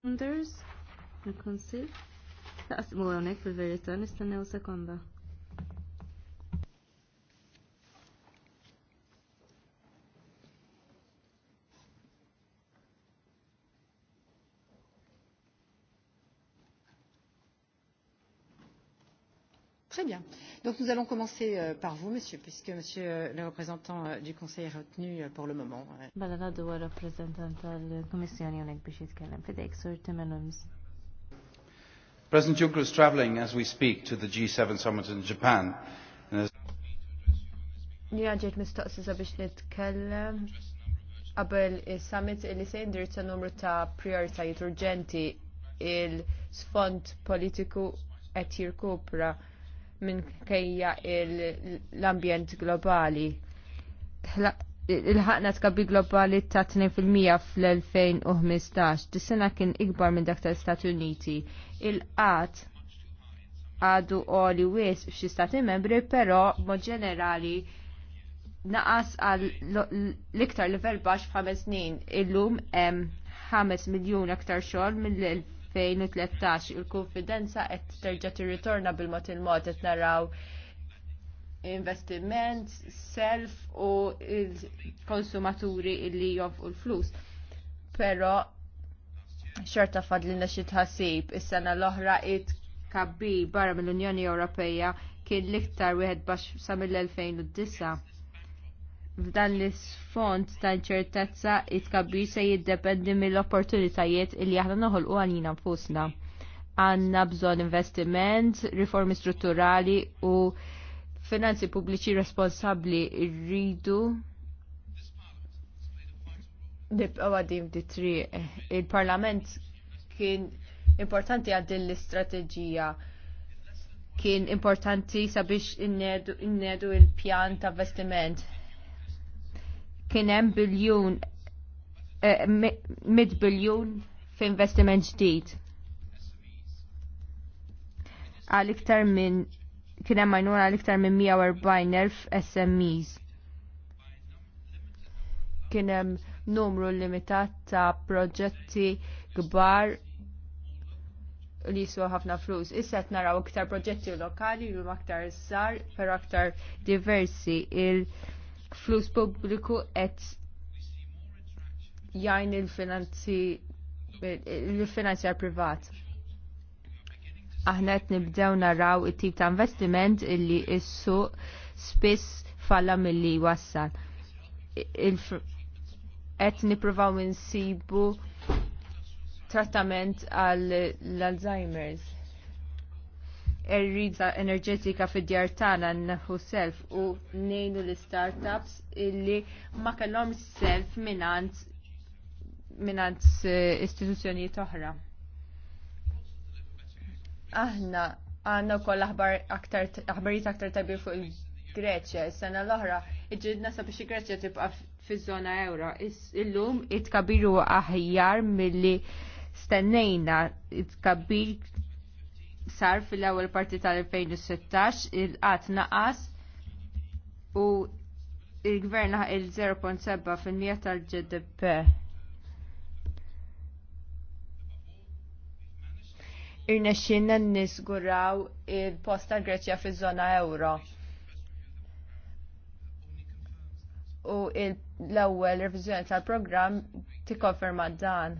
Anders, il-konsil, laqsmu għonek fil-verita, nistennew sekonda. Très bien. Donc nous allons commencer euh, par vous, monsieur, puisque monsieur euh, le représentant euh, du Conseil est retenu pour le moment. President Juncker is traveling as we speak to the G7 summit in Japan. Niraġet mistoqsisa biex nitkellem qabel is-summit li se jindirizza numru ta' prioritajiet urġenti il-sfond politiku qed jirkupra minkejja l-ambjent globali. Il-ħakna tkabbi globali ta' 2% fl-2015, dis-sena kien ikbar minn dak ta' stati Uniti. Il-qat għadu għoli wis f'xi stati membri, però mod ġenerali naqas għal l-iktar level bax f'ħames snin. Illum hemm 5 miljun aktar xogħol mill 2013 il-konfidenza qed terġa' tirritorna bil-mod il-mod qed naraw investiment, self u il-konsumaturi illi jofqu l-flus. Però xorta fadlina xi tħassib is-sena l-oħra it kabbi barra mill-Unjoni Ewropea kien l-iktar wieħed baxx sa mill-2009 f'dan l-isfond ta' ċertezza it-kabbir se jiddependi mill-opportunitajiet li aħna noħolqu għalina nfusna. Għanna bżon investiment, riformi strutturali u finanzi pubbliċi responsabli rridu nibqaw għadim di tri. Il-parlament kien importanti għad l-istrateġija kien importanti sabiex innedu il-pjan ta' investiment kien hemm biljun eh, mid biljun f'investiment ġdid. Għal iktar minn kien hemm għajnuna għal iktar minn 140,000 SMEs. Kien hemm numru limitat ta' proġetti kbar li jiswa ħafna flus. Issa qed naraw iktar proġetti lokali u aktar żar però aktar diversi il- flus pubbliku qed jgħin il-finanzi il-finanzjar privat. Aħna qed nibdew naraw it-tip ta' investiment illi issu spiss falla milli wassal. Qed nippruvaw insibu trattament għall-Alzheimer's rrida enerġetika fid-djar tagħna nafu self u nejnu l-startups illi ma kellhom self minant minant eh, istituzzjonijiet oħra. Aħna għandna wkoll aħbar aktar aħbarijiet aktar tabi fuq il-Greċja, is-sena l-oħra iġidna sabiex il-Greċja tibqa' fiż-żona ewra. Illum it-kabiru aħjar milli stennejna it-kabir sar fil-ewwel parti tal-2016 il-qatt naqas u il-gvern il-0.7 fil-mija tal-GDP. Irnexxinna nisguraw il-post tal-Greċja fiż-żona euro. U l-ewwel reviżjoni tal-programm tikkonferma dan.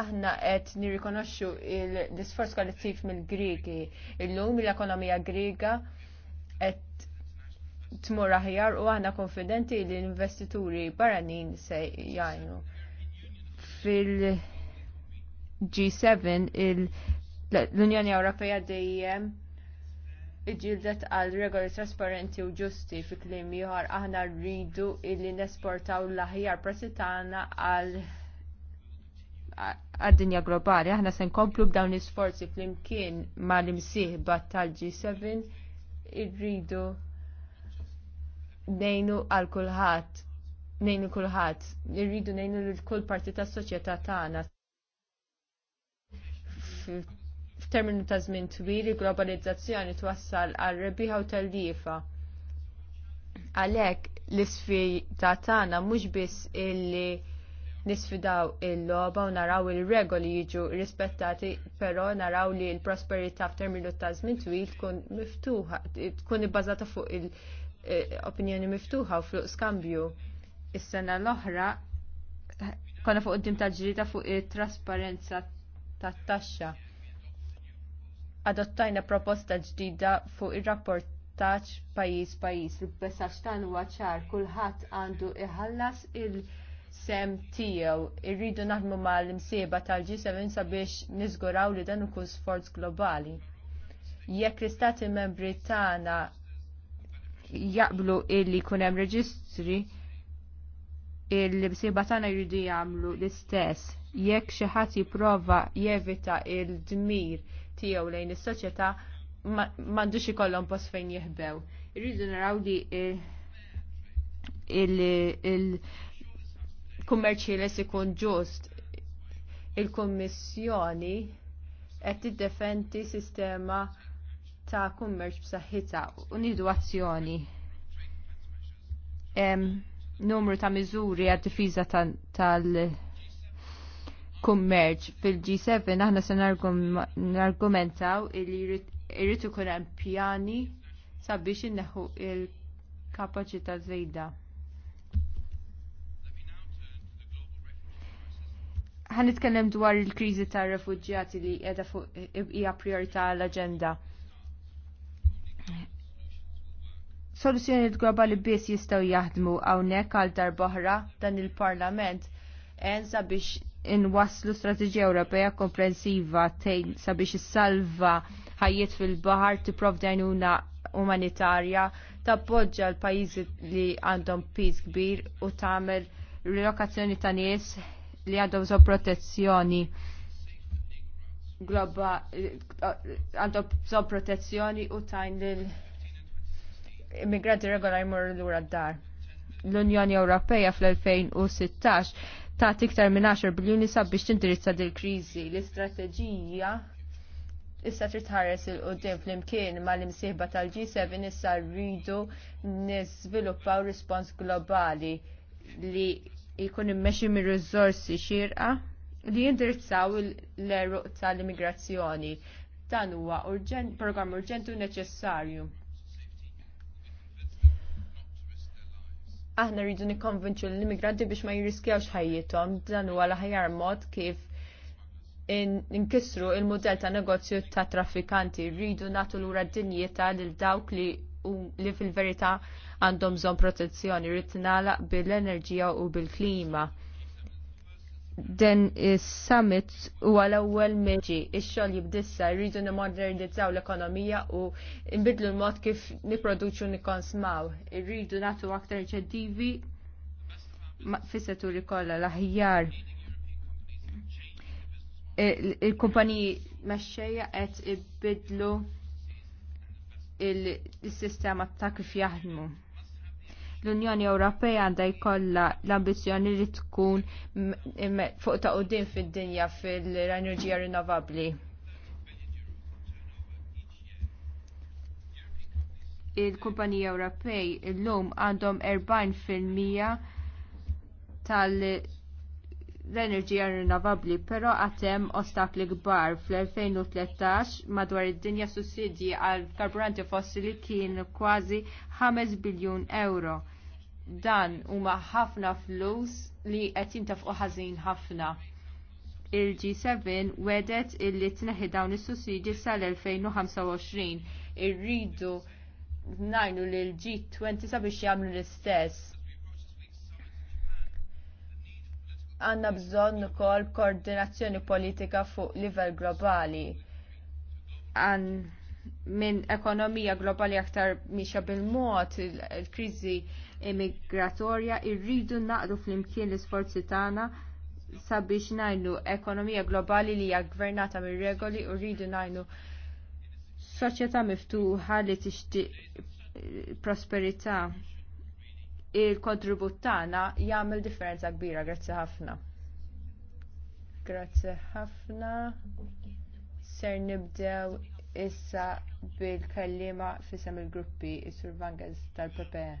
aħna qed nirrikonoxxu l-isforz kollettiv mill-Griegi. Illum l-ekonomija Griga qed tmur aħjar u aħna konfidenti li l-investituri barranin se jgħinu. Fil-G7 l-Unjoni Ewropea dejjem iġildet għal regoli trasparenti u ġusti fi kliem ieħor aħna rridu illi nesportaw l-aħjar prasitana għal għad-dinja globali. Aħna se nkomplu b'dawn l-isforzi flimkien mal imsieħba tal-G7 irridu nejnu għal kulħadd nejnu kulħadd, irridu nejnu l-kull parti tas-soċjetà tagħna. F'terminu ta' żmien twil globalizzazzjoni twassal għal rebiħa u tal-lifa. Għalhekk l-isfida tagħna mhux biss illi nisfidaw il-loba u naraw il-regoli jiġu rispettati, però naraw li l-prosperità f'terminu ta' żmien twil tkun miftuħa, tkun ibbażata fuq il-opinjoni eh, miftuħa u fuq skambju. Is-sena l-oħra konna fuq id-dim ta' ġrida fuq it-trasparenza tat taxxa. Adottajna proposta ġdida fuq ir-rapport taċ pajjiż pajjiż. il tan huwa ċar kulħadd għandu iħallas il-, -il sem tiegħu irridu naħdmu mal-imsieba tal-G7 sabiex niżguraw li dan ukoll sforz globali. Jekk l-istati membri tagħna jaqblu illi jkun hemm reġistri, il imsieba tagħna jridu jagħmlu l-istess. Jekk xi ħadd jipprova jevita il-dmir tiegħu lejn is-soċjetà, m'għandux ikollhom post fejn jeħbew. Irridu naraw li eh, il-, il, il kummerċieles ikun ġust. Il-Kummissjoni qed tiddefendi sistema ta' kummerċ b'saħħitha u nidu azzjoni. numru ta' miżuri għad difiża tal-kummerċ fil-G7 aħna se nargumentaw li jrid ikun hemm pjani sabiex inneħu il-kapaċità żejda ħanitkellem dwar il-kriżi tar-refuġjati li qiegħda fuq hija priorità l-aġenda. Soluzzjonijiet globali biss jistgħu jaħdmu hawnhekk għal darb'oħra dan il-Parlament en sabiex inwaslu strateġija Ewropea komprensiva tejn sabiex issalva ħajjiet fil-baħar tipprovdi għajnuna umanitarja tappoġġa l-pajjiżi li għandhom piż kbir u tagħmel rilokazzjoni ta' nies li għandhom bżonn protezzjoni globa għandhom bżonn protezzjoni u tajn lil immigranti regolari morru lura d-dar. L-Unjoni Ewropea fl-2016 ta' tiktar minn 10 biljuni sabiex tindirizza dil kriżi L-istrateġija issa trid ħares il qudiem flimkien mal-imsieħba tal-G7 issa rridu niżviluppaw rispons globali li jkun immexxi mir rizzorsi xirqa li jindirizzaw l-eruq tal-immigrazzjoni. Dan huwa urġen, programm urġentu neċessarju. Aħna rridu nikkonvinċu l-immigranti biex ma jirriskjawx ħajjithom, dan huwa l-aħjar mod kif inkisru il-modell ta' negozju ta' traffikanti rridu natu l-ura dinjeta lil dawk li li fil-verità għandhom zon protezzjoni, rrid bil-enerġija u bil-klima. Den is-summit huwa l-ewwel meġi, ix-xogħol jibdissa rridu nimmodernizzaw l-ekonomija u nbidlu l-mod kif nipproduċu nikkonsmaw. Irridu nagħtu aktar inċentivi fis-setturi kollha l-aħjar il-kumpaniji e, mexxejja qed ibidlu il-sistema ta' kif jaħdmu. L-Unjoni Ewropea għandha jkollha l-ambizzjoni li tkun fuq ta' qudiem fid-dinja fil-enerġija rinnovabbli. Il-kumpaniji Ewropej illum għandhom 40% tal- l-enerġija rinnovabbli, però għad hemm ostakli kbar fl-2013 madwar id-dinja sussidji għal karburanti fossili kien kważi 5 biljun euro. Dan huma ħafna flus li qed jintafqu ħażin ħafna. Il-G7 wedet illi tneħħi dawn is-sussidji sal-2025. Irridu najnu lil G20 sabiex jagħmlu l-istess għanna bżonn ukoll koordinazzjoni politika fuq livell globali. Għan minn ekonomija globali aktar miexa bil-mod il-kriżi immigratorja irridu naqdu fl-imkien l-isforzi tagħna sabiex najnu ekonomija globali li hija gvernata mir regoli u rridu najnu soċjetà miftuħa li tixtieq prosperità il-kontribut tagħna jagħmel differenza kbira. Grazzi ħafna. Grazzi ħafna. Ser nibdew issa bil-kallima fisem il-gruppi is-Sur tal-PPE.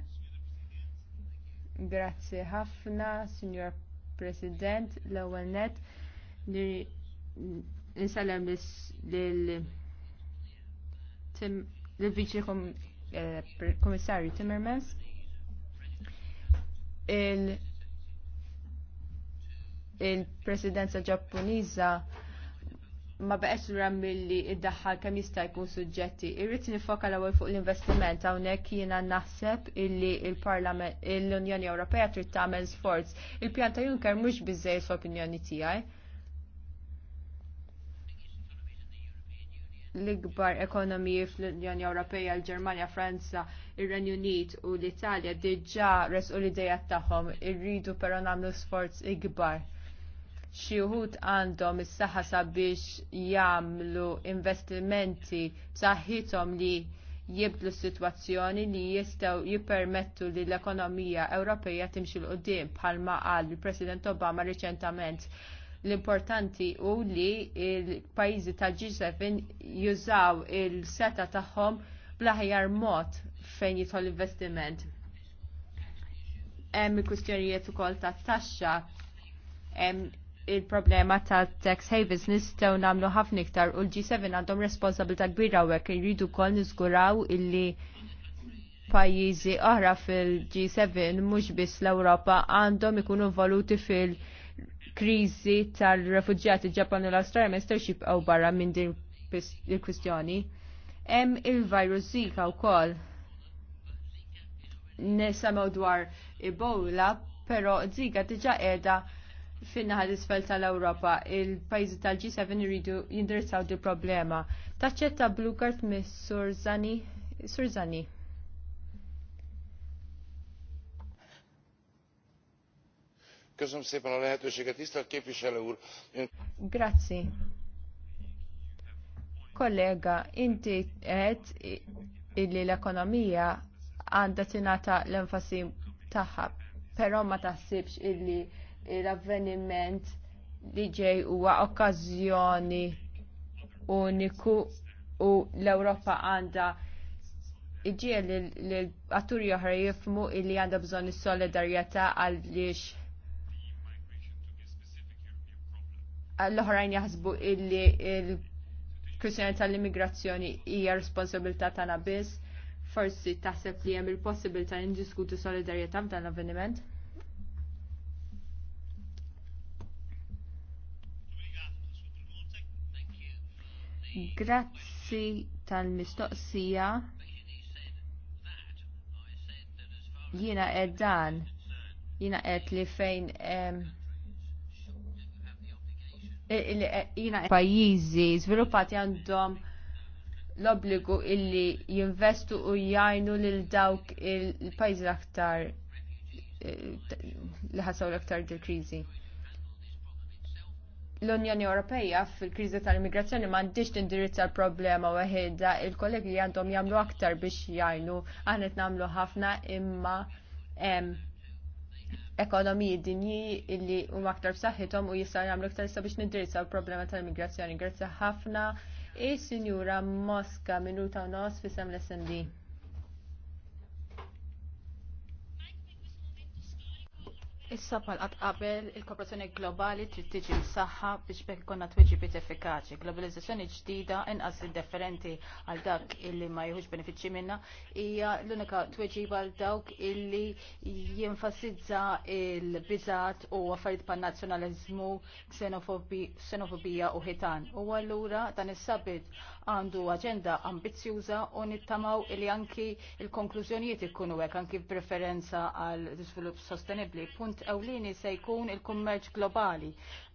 Grazzi ħafna, Signor President, l-ewwel net li nsellem lil Tim l-Viċi Komissarju eh, Timmermans il- il-presidenza ġappuniża ma beqgħetx lura milli d-daħħal kemm jista' jkun suġġetti. Irrid nifoka l-ewwel fuq l-investiment hawnhekk jiena naħseb illi l-Parlament il l-Unjoni Ewropea trid tagħmel sforz. Il-pjan ta' Juncker mhux biżejjed fl-opinjoni tiegħi l-ikbar ekonomiji fl-Unjoni Ewropea, l-Ġermanja, Franza, ir-Renju Unit u l-Italja diġà resqu l-idejat tagħhom irridu però nagħmlu sforz ikbar. Xi wħud għandhom is-saħħa sabiex jagħmlu investimenti b'saħħithom li jibdlu s-sitwazzjoni li jistgħu jippermettu li l-ekonomija Ewropea timxi l-qudiem bħalma qal il-President Obama riċentament L-importanti u li il pajjiżi ta' tal-G7 jużaw il-seta tagħhom bl-aħjar mod fejn jidħol investiment. Hemm il-kwistjonijiet ukoll ta' taxxa, hemm il-problema ta' tax havens nistgħu nagħmlu ħafna iktar u l-G7 għandhom responsabilità kbira hekk irridu wkoll niżguraw illi pajjiżi oħra fil-G7 mhux biss l-Ewropa għandhom ikunu involuti fil- kriżi tal-refuġjati Ġapan u l australja ma jistgħux jibqgħu barra minn din il-kwistjoni. Hemm il-virus Zika wkoll nisimgħu dwar Ebola, però Zika diġà qiegħda fin-naħa l-isfel tal-Ewropa, il-pajjiżi tal-G7 iridu jindirizzaw di problema. Taċċetta blue card mis-Surzani. Surzani. Köszönöm szépen a lehetőséget, tisztelt képviselő úr. Ön... Grazie. Kollega, inti għed illi l-ekonomija għandha tingħata l-enfasi tagħha, però ma taħsibx illi l-avveniment li ġej huwa okkażjoni uniku u l-Ewropa għandha iġiel li l-atturi oħra jifmu illi għandha bżonn is-solidarjetà għaliex l-oħrajn jaħsbu illi il-kwistjoni tal-immigrazzjoni hija responsabilità tagħna biss, forsi taħseb li hemm il-possibilità li ndiskutu solidarjetà f'dan l-avveniment? Grazzi tal-mistoqsija. Jina qed dan. jina qed li fejn um, Eh, eh, jina pajizi sviluppati għandhom l-obbligu illi jinvestu u jajnu lil dawk il-pajzi l-aktar eh, li ħassaw l-aktar dil-krizi. L-Unjoni Ewropeja fil-kriżi tal-immigrazzjoni m'għandix tindirizza l-problema waħedha il-kollegi għandhom jagħmlu aktar biex jajnu aħna qed nagħmlu ħafna imma ekonomiji dinji illi huma aktar b'saħħithom u jista' jagħmlu aktar issa biex nindirizzaw problema tal-immigrazzjoni. Grazzi ħafna. E sinjura Mosca minuta u nos fisem l-SND. Issa bħal qabel il-kooperazzjoni globali trid tiġi msaħħa biex bekk ikonna tweġibiet effikaċi. Globalizzazzjoni ġdida inqas indifferenti għal dak illi ma jħux benefiċċji minnha hija l-unika tweġiba għal dawk illi jinfasizza il-biżat u affarijiet pan nazzjonaliżmu, xenofobija u ħitan. U allura dan is-sabit għandu aġenda ambizjuża u nittamaw li anki il-konklużjonijiet ikunu hekk anki preferenza għal żvilupp sostenibbli. Punt ewlieni se jkun il-kummerċ globali.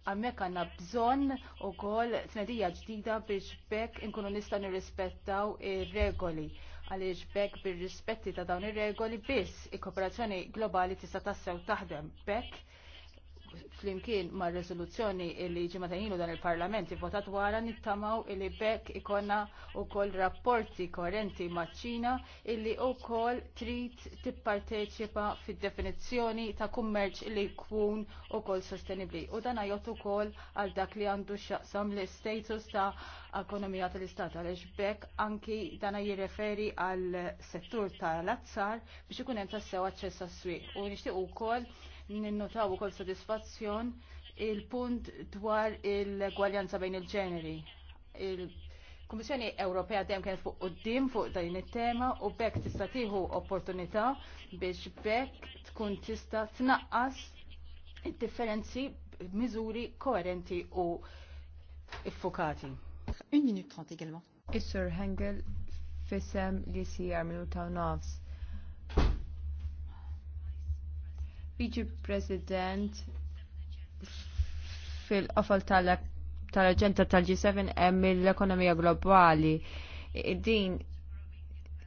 Għammek għanna bżonn u kol tnedija ġdida biex bekk inkunu nista' nirrispettaw ir-regoli għaliex bekk bir-rispetti ta' dawn ir-regoli biss il-kooperazzjoni globali tista' tassew taħdem bekk flimkien ma' rezoluzzjoni li ġimatajnilu dan il-parlament votat wara nittamaw li bekk ikonna u koll rapporti korrenti ma' ċina illi u koll trit tipparteċipa fid definizzjoni ta' kummerċ li kwun u koll sostenibli. U dan għajot u koll għal dak li għandu xaqsam li status ta' ekonomija tal-istat għalix bekk anki dan jirreferi għal settur tal-azzar biex ikun hemm tassew aċċess għas-swieq u nixtieq ukoll ninnotaw ukoll sodisfazzjon il-punt dwar il-gwaljanza bejn il-ġeneri. Il-Kummissjoni Ewropea dejjem kienet fuq qudiem fuq dan it-tema u bekk tista' tieħu opportunità biex bekk tkun tista' tnaqqas id-differenzi b'miżuri koerenti u iffukati. Une minute trente également. Is-Sur Hengel fissem li sijar minuta u nofs. Viċi President, fil-qofol tal-agenda tal-G7 hemm l-ekonomija globali. Din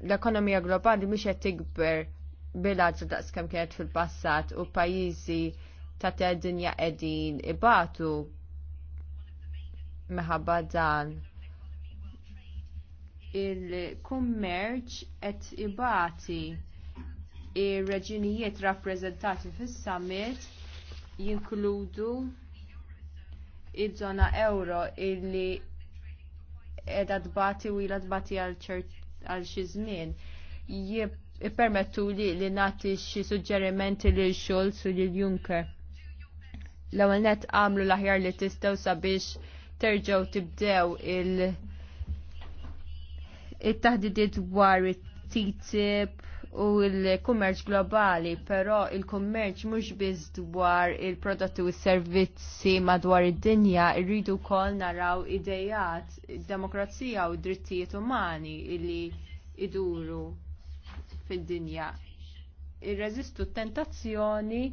l-ekonomija globali mhix qed tikber bil-għadġa daqs kemm kienet fil-passat u pajjiżi ta' dinja qegħdin ibatu meħabba dan il-kummerċ qed ibati ir-reġinijiet rappreżentati fis-summit jinkludu iż-żona euro illi qiegħda tbati u ilha tbati għal xi żmien ippermettu li li nagħti xi suġġerimenti lil Schulz u lil Juncker. L-ewwel nett għamlu l-aħjar li tistgħu sabiex terġgħu tibdew il it-taħdidiet dwar it-TTIP u l-kummerċ globali, però il-kummerċ mhux biss dwar il-prodotti u s-servizzi madwar id-dinja, irridu wkoll naraw idejat, demokrazija u drittijiet umani li iduru fid-dinja. Irreżistu t tentazzjoni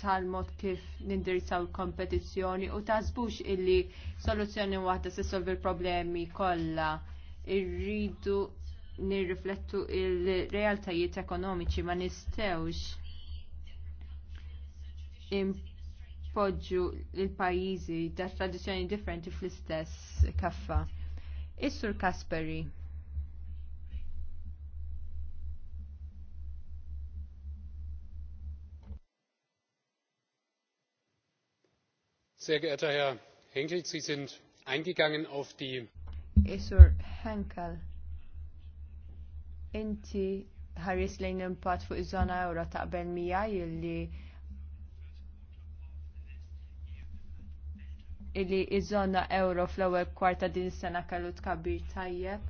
tal-mod kif nindirizzaw il-kompetizzjoni u tażbux illi soluzzjoni waħda se solvi l-problemi kollha. Irridu nirriflettu il-realtajiet ekonomiċi ma nistewx impoġġu il-pajjiżi ta' tradizzjoni differenti fl-istess kaffa. Is-Sur Kasperi. Sehr geehrter Herr Henkel, Sie sind eingegangen auf die. Eh, Isur Henkel, inti ħaris lejn impatt fuq iż-żona ewra taqbel mija illi illi iż-żona ewro fl-ewwel kwarta din is-sena kellu tkabbir tajjeb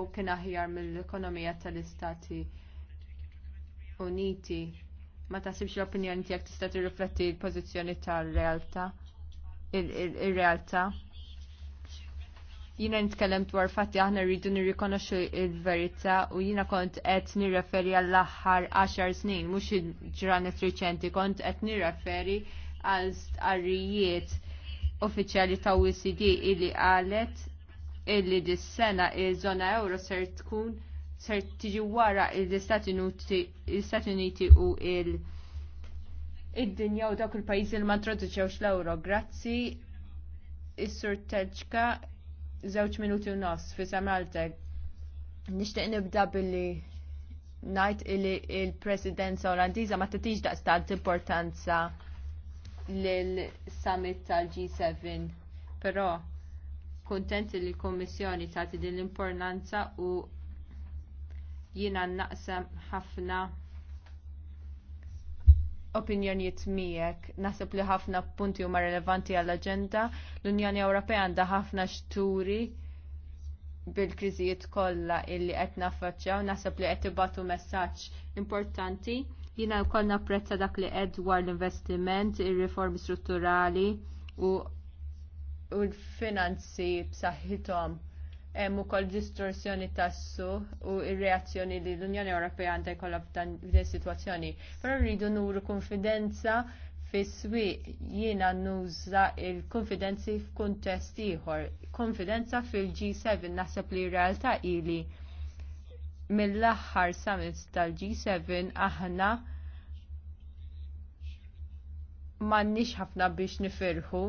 u kien aħjar mill-ekonomija tal-Istati Uniti ma taħsibx l-opinjoni tiegħek tista' tirrifletti l-pożizzjoni tar realtà ir-realtà. Jiena nitkellem dwar fatti aħna rridu nirrikonoxxu l-verità u jiena kont qed nirreferi għall-aħħar 10 snin mhux ġranet riċenti kont qed nirreferi għal stqarrijiet uffiċjali ta' OECD illi qalet illi dis-sena iż-żona euro ser tkun ser tiġi wara l-Istati Uniti u il- id-dinja u dak il-pajjiżi li ma introduċewx l-ewro. Grazzi is-sur Teġka żewġ minuti u nofs fi Samaltek. Nixtieq nibda billi ngħid li il-Presidenza Olandiża ma tagħtix daqstant importanza lill-summit tal-G7. Però kontent li l-Kummissjoni tagħti din l-importanza u Jiena naqsam ħafna opinjonijiet miegħek. Naħseb li ħafna punti huma relevanti għall-aġenda. L-Unjoni Ewropea għandha ħafna xturi bil-kriżijiet kollha illi qed naffaċċjaw, naħseb li qed tibatu messaġġ importanti. Jiena wkoll napprezza dak li qed dwar l-investiment, ir-riformi strutturali u l-finanzi b'saħħithom hemm ukoll distorsjoni tassu u ir-reazzjoni li l-Unjoni Ewropea għandha jkollha f'din is-sitwazzjoni. Però rridu nuru konfidenza fis-swieq jiena nuża il-konfidenzi f'kuntest ieħor. Konfidenza fil-G7 naħseb li r-realtà ili mill-aħħar summits tal-G7 aħna m'għandniex ħafna biex nifirħu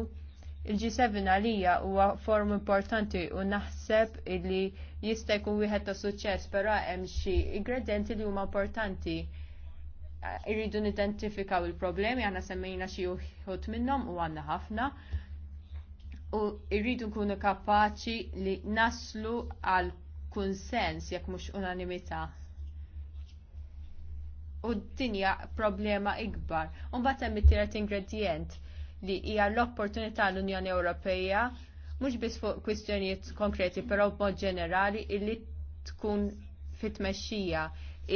Il-G7 għalija huwa forum importanti u naħseb li jista' jkun wieħed ta' suċċess, però hemm xi ingredienti li huma importanti. Irridu nidentifikaw il-problemi, għana semmejna xi uħut minnhom u għandna ħafna u irridu nkunu kapaċi li naslu għal kunsens jekk mhux unanimità. U d-dinja problema ikbar. U mbagħad hemm it-tielet ingredient li hija l-opportunità l-Unjoni Ewropea mhux biss fuq kwistjonijiet konkreti, però b'mod ġenerali illi tkun fit-tmexxija.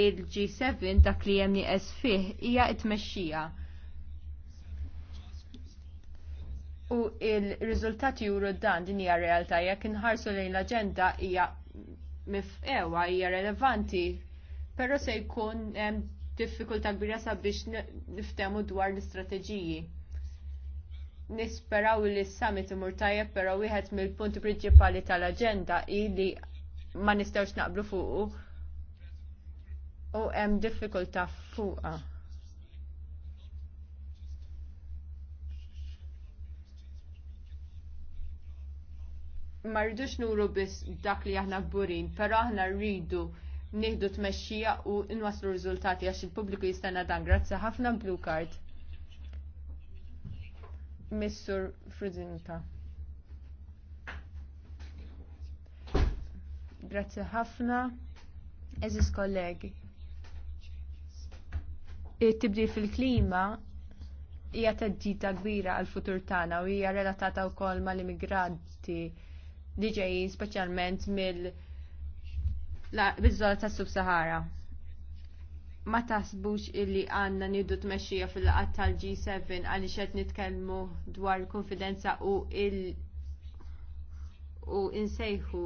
Il-G7 dak li hemm nieqes fih hija t-tmexxija. U il-riżultati juru dan din hija realtà jekk inħarsu lejn l-aġenda hija mifqewa hija relevanti, però se jkun hemm diffikultà kbira sabiex niftemu dwar l-istrateġiji nisperaw li s-summit imur tajjeb, pero wieħed mill-punti prinċipali tal-aġenda li ma nistgħux naqblu fuqu u hemm diffikultà fuqha. Ma rridux nuru biss dak li aħna kburin, però aħna rridu nieħdu tmexxija u nwaslu riżultati għax il-pubbliku jistenna dan. Grazzi ħafna blue card. Missur Fridinta. Grazie ħafna. Eżis kollegi. it fil-klima hija teddita kbira għal futur tagħna u hija relatata wkoll mal-immigranti li ġejjin speċjalment mill-żola tas-Sub-Sahara ma tasbux illi għanna niddu tmexxija fil qatt tal tal-G7 għaliex qed nitkellmu dwar konfidenza u il u insejħu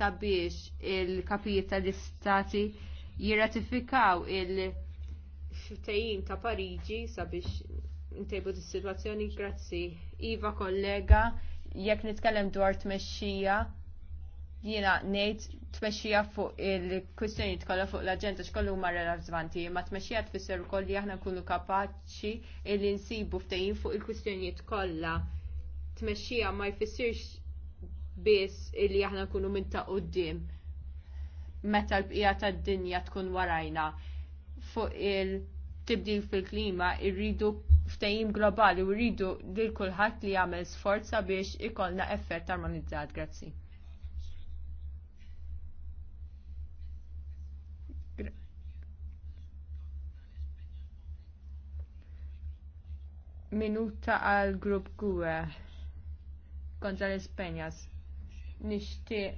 sabiex il-kapijiet tal-istati jirratifikaw il-ftehim ta' Pariġi sabiex intejbu dis-sitwazzjoni grazzi. Iva kollega, jekk nitkellem dwar tmexxija jiena ngħid tmexxija fuq il-kwistjoni kolla fuq l-aġenda x'kollu huma relevanti, ma tmexxija tfisser ukoll li aħna nkunu kapaċi li nsibu tajin fuq il-kwistjonijiet kollha. Tmexxija ma jfissirx biss li aħna nkunu minn ta' quddiem meta l-bqija tad-dinja tkun warajna fuq il-tibdil fil-klima irridu ftehim globali u rridu lil kulħadd li jagħmel sforza biex ikollna effett armonizzat. Grazzi. Minuta għal grupp kontra e. l Penjas. Nixtieq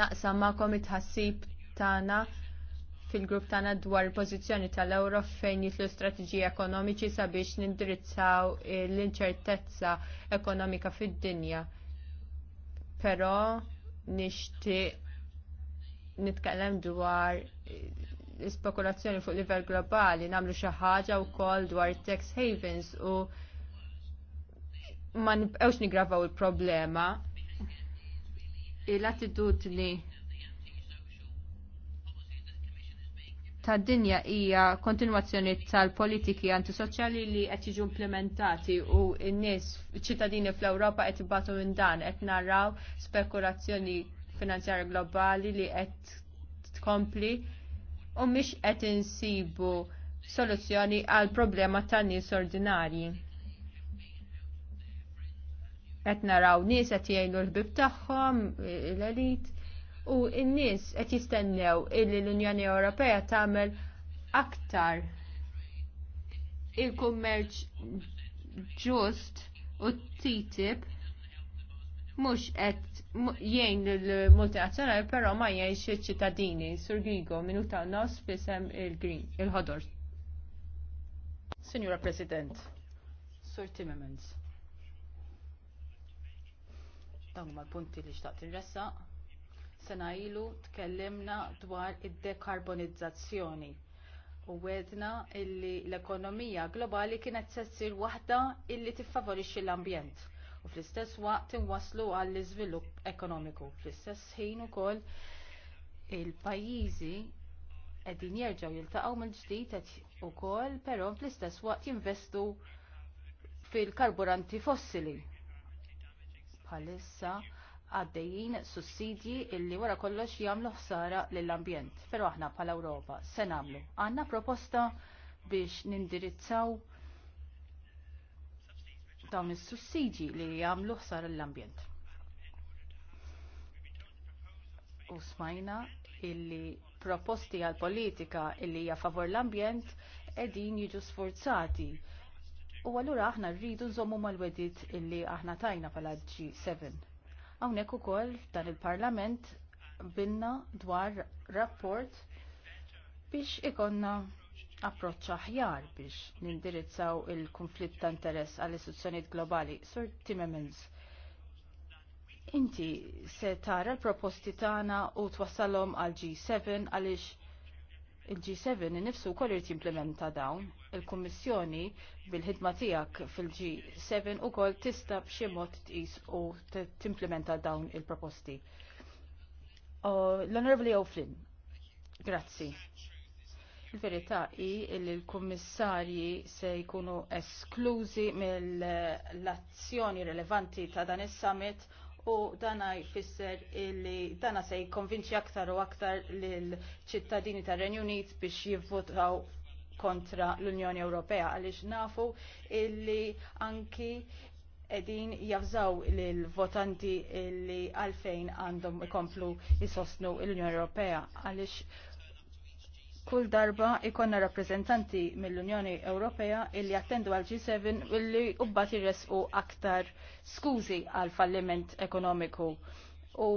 naqsam ma' komit ħassib tagħna fil-grupp tagħna dwar pożizzjoni tal-euro fejn jitlu strateġiji ekonomiċi sabiex nindirizzaw l-inċertezza ekonomika fid-dinja. Però nixtieq nitkellem dwar l-spekulazzjoni fuq livell globali namlu xi ħaġa wkoll dwar tax havens u ma nibqgħux nigravaw il-problema. Il-attitudni ta' dinja hija kontinwazzjoni tal-politiki antisoċjali li qed jiġu implementati u n-nies ċittadini fl-Ewropa qed ibatu minn dan qed naraw spekulazzjoni finanzjarja globali li qed tkompli u mhix qed insibu soluzzjoni għal problema tan nies ordinarji. Qed naraw nies qed jgħinu l-bib tagħhom, l-elit, u n-nies qed jistennew illi l-Unjoni Ewropea tagħmel aktar il-kummerċ ġust u t-TTIP mhux qed jgħin l-multinazzjonali però ma jien xie ċittadini Sur Grigo minuta nos fisem il-Green il-ħodor. Signora President, Sur Timmermans. Dawn huma l-punti li xtaqt il-ressa. Sena ilu tkellimna dwar id-dekarbonizzazzjoni u wedna illi l-ekonomija globali kienet sessir waħda illi tiffavorixxi l-ambjent u fl-istess waqt inwasslu għall iżvilupp ekonomiku. Fl-istess ħin ukoll il-pajjiżi qegħdin jerġgħu jiltaqgħu mill-ġdid qed ukoll però fl-istess waqt jinvestu fil-karburanti fossili. Bħalissa għaddejjin sussidji illi wara kollox jagħmlu ħsara lill-ambjent. Però aħna bħala Ewropa se nagħmlu. Għandna proposta biex nindirizzaw dawn is-sussidji li jagħmlu ħsar l-ambjent. U smajna illi proposti għal politika illi hija favor l-ambjent qegħdin jiġu sforzati. U allura aħna rridu nżommu mal-wedit illi aħna tajna bħala G7. Hawnhekk ukoll dan il-Parlament binna dwar rapport biex ikonna approċċ aħjar biex nindirizzaw il-konflitt ta' interess għall istituzzjonijiet globali. Sur Timmermans, inti se tara l-proposti tagħna u twassalhom għal G7 għaliex il-G7 innifsu wkoll irid jimplementa dawn. Il-Kummissjoni bil-ħidma tiegħek fil-G7 ukoll tista' b'xi mod tqis u timplementa dawn il-proposti. L-Onorevoli O'Flynn, grazzi. Il-verità hi li l-kummissarji se jkunu esklużi mill-azzjoni rilevanti ta' dan is-summit u dana jfisser illi dana se jikkonvinċi aktar u aktar l-ċittadini tar renju Unit biex jivvotaw kontra l-Unjoni Ewropea għaliex nafu illi anki edin jafżaw l-votanti illi għalfejn għandhom ikomplu jisostnu l-Unjoni Ewropea għaliex kull darba ikonna rappresentanti mill-Unjoni Ewropea illi attendu għal G7 illi ubbat jirresqu aktar skużi għal falliment ekonomiku u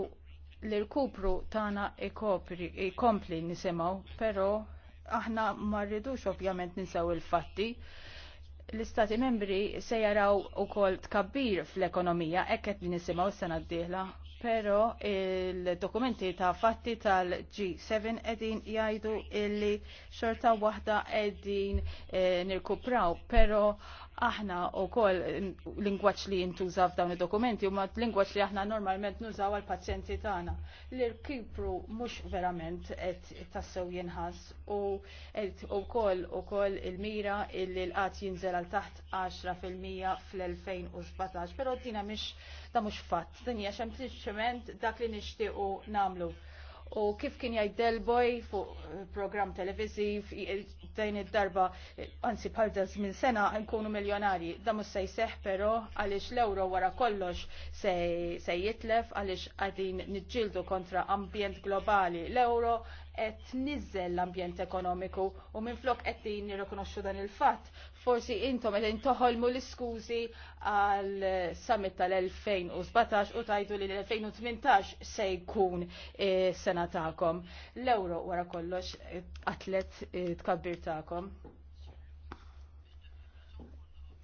l-irkupru tana ikompli nisimaw, pero aħna marridux ovvjament ninsaw il-fatti l-istati membri se jaraw u kol tkabbir fl-ekonomija, ekket li nisimaw s-sena d-dihla pero il-dokumenti ta' fatti tal-G7 edin jajdu illi xorta wahda edin eh, nirkupraw, pero aħna u kol lingwaċ li jintuża f'dawn id-dokumenti u mat lingwaċ li aħna normalment nużaw għal pazjenti tagħna. L-Kipru mhux verament qed tassew jinħas u qed ukoll ukoll il-mira illi l-qatt jinżel għal taħt 10% fl-2017, però dina mhix da mhux fatt, din hija sempliċement dak li nixtiequ nagħmlu u kif kien jgħid Delboy fuq eh, program televiziv dejn id-darba anzi bħal minn sena nkunu miljonari. Da mhux se jseħħ però għaliex l-euro wara kollox se jitlef għaliex qegħdin niġġieldu kontra ambjent globali. L-euro qed nizzel l-ambjent ekonomiku u minflok qed din nirrikonoxxu dan il-fatt. Forsi intom qed intoħolmu l-iskużi għal summit tal-2017 u tajdu li l-2018 se jkun e, sena tagħkom. L-euro wara kollox e, atlet e, tkabbir tagħkom.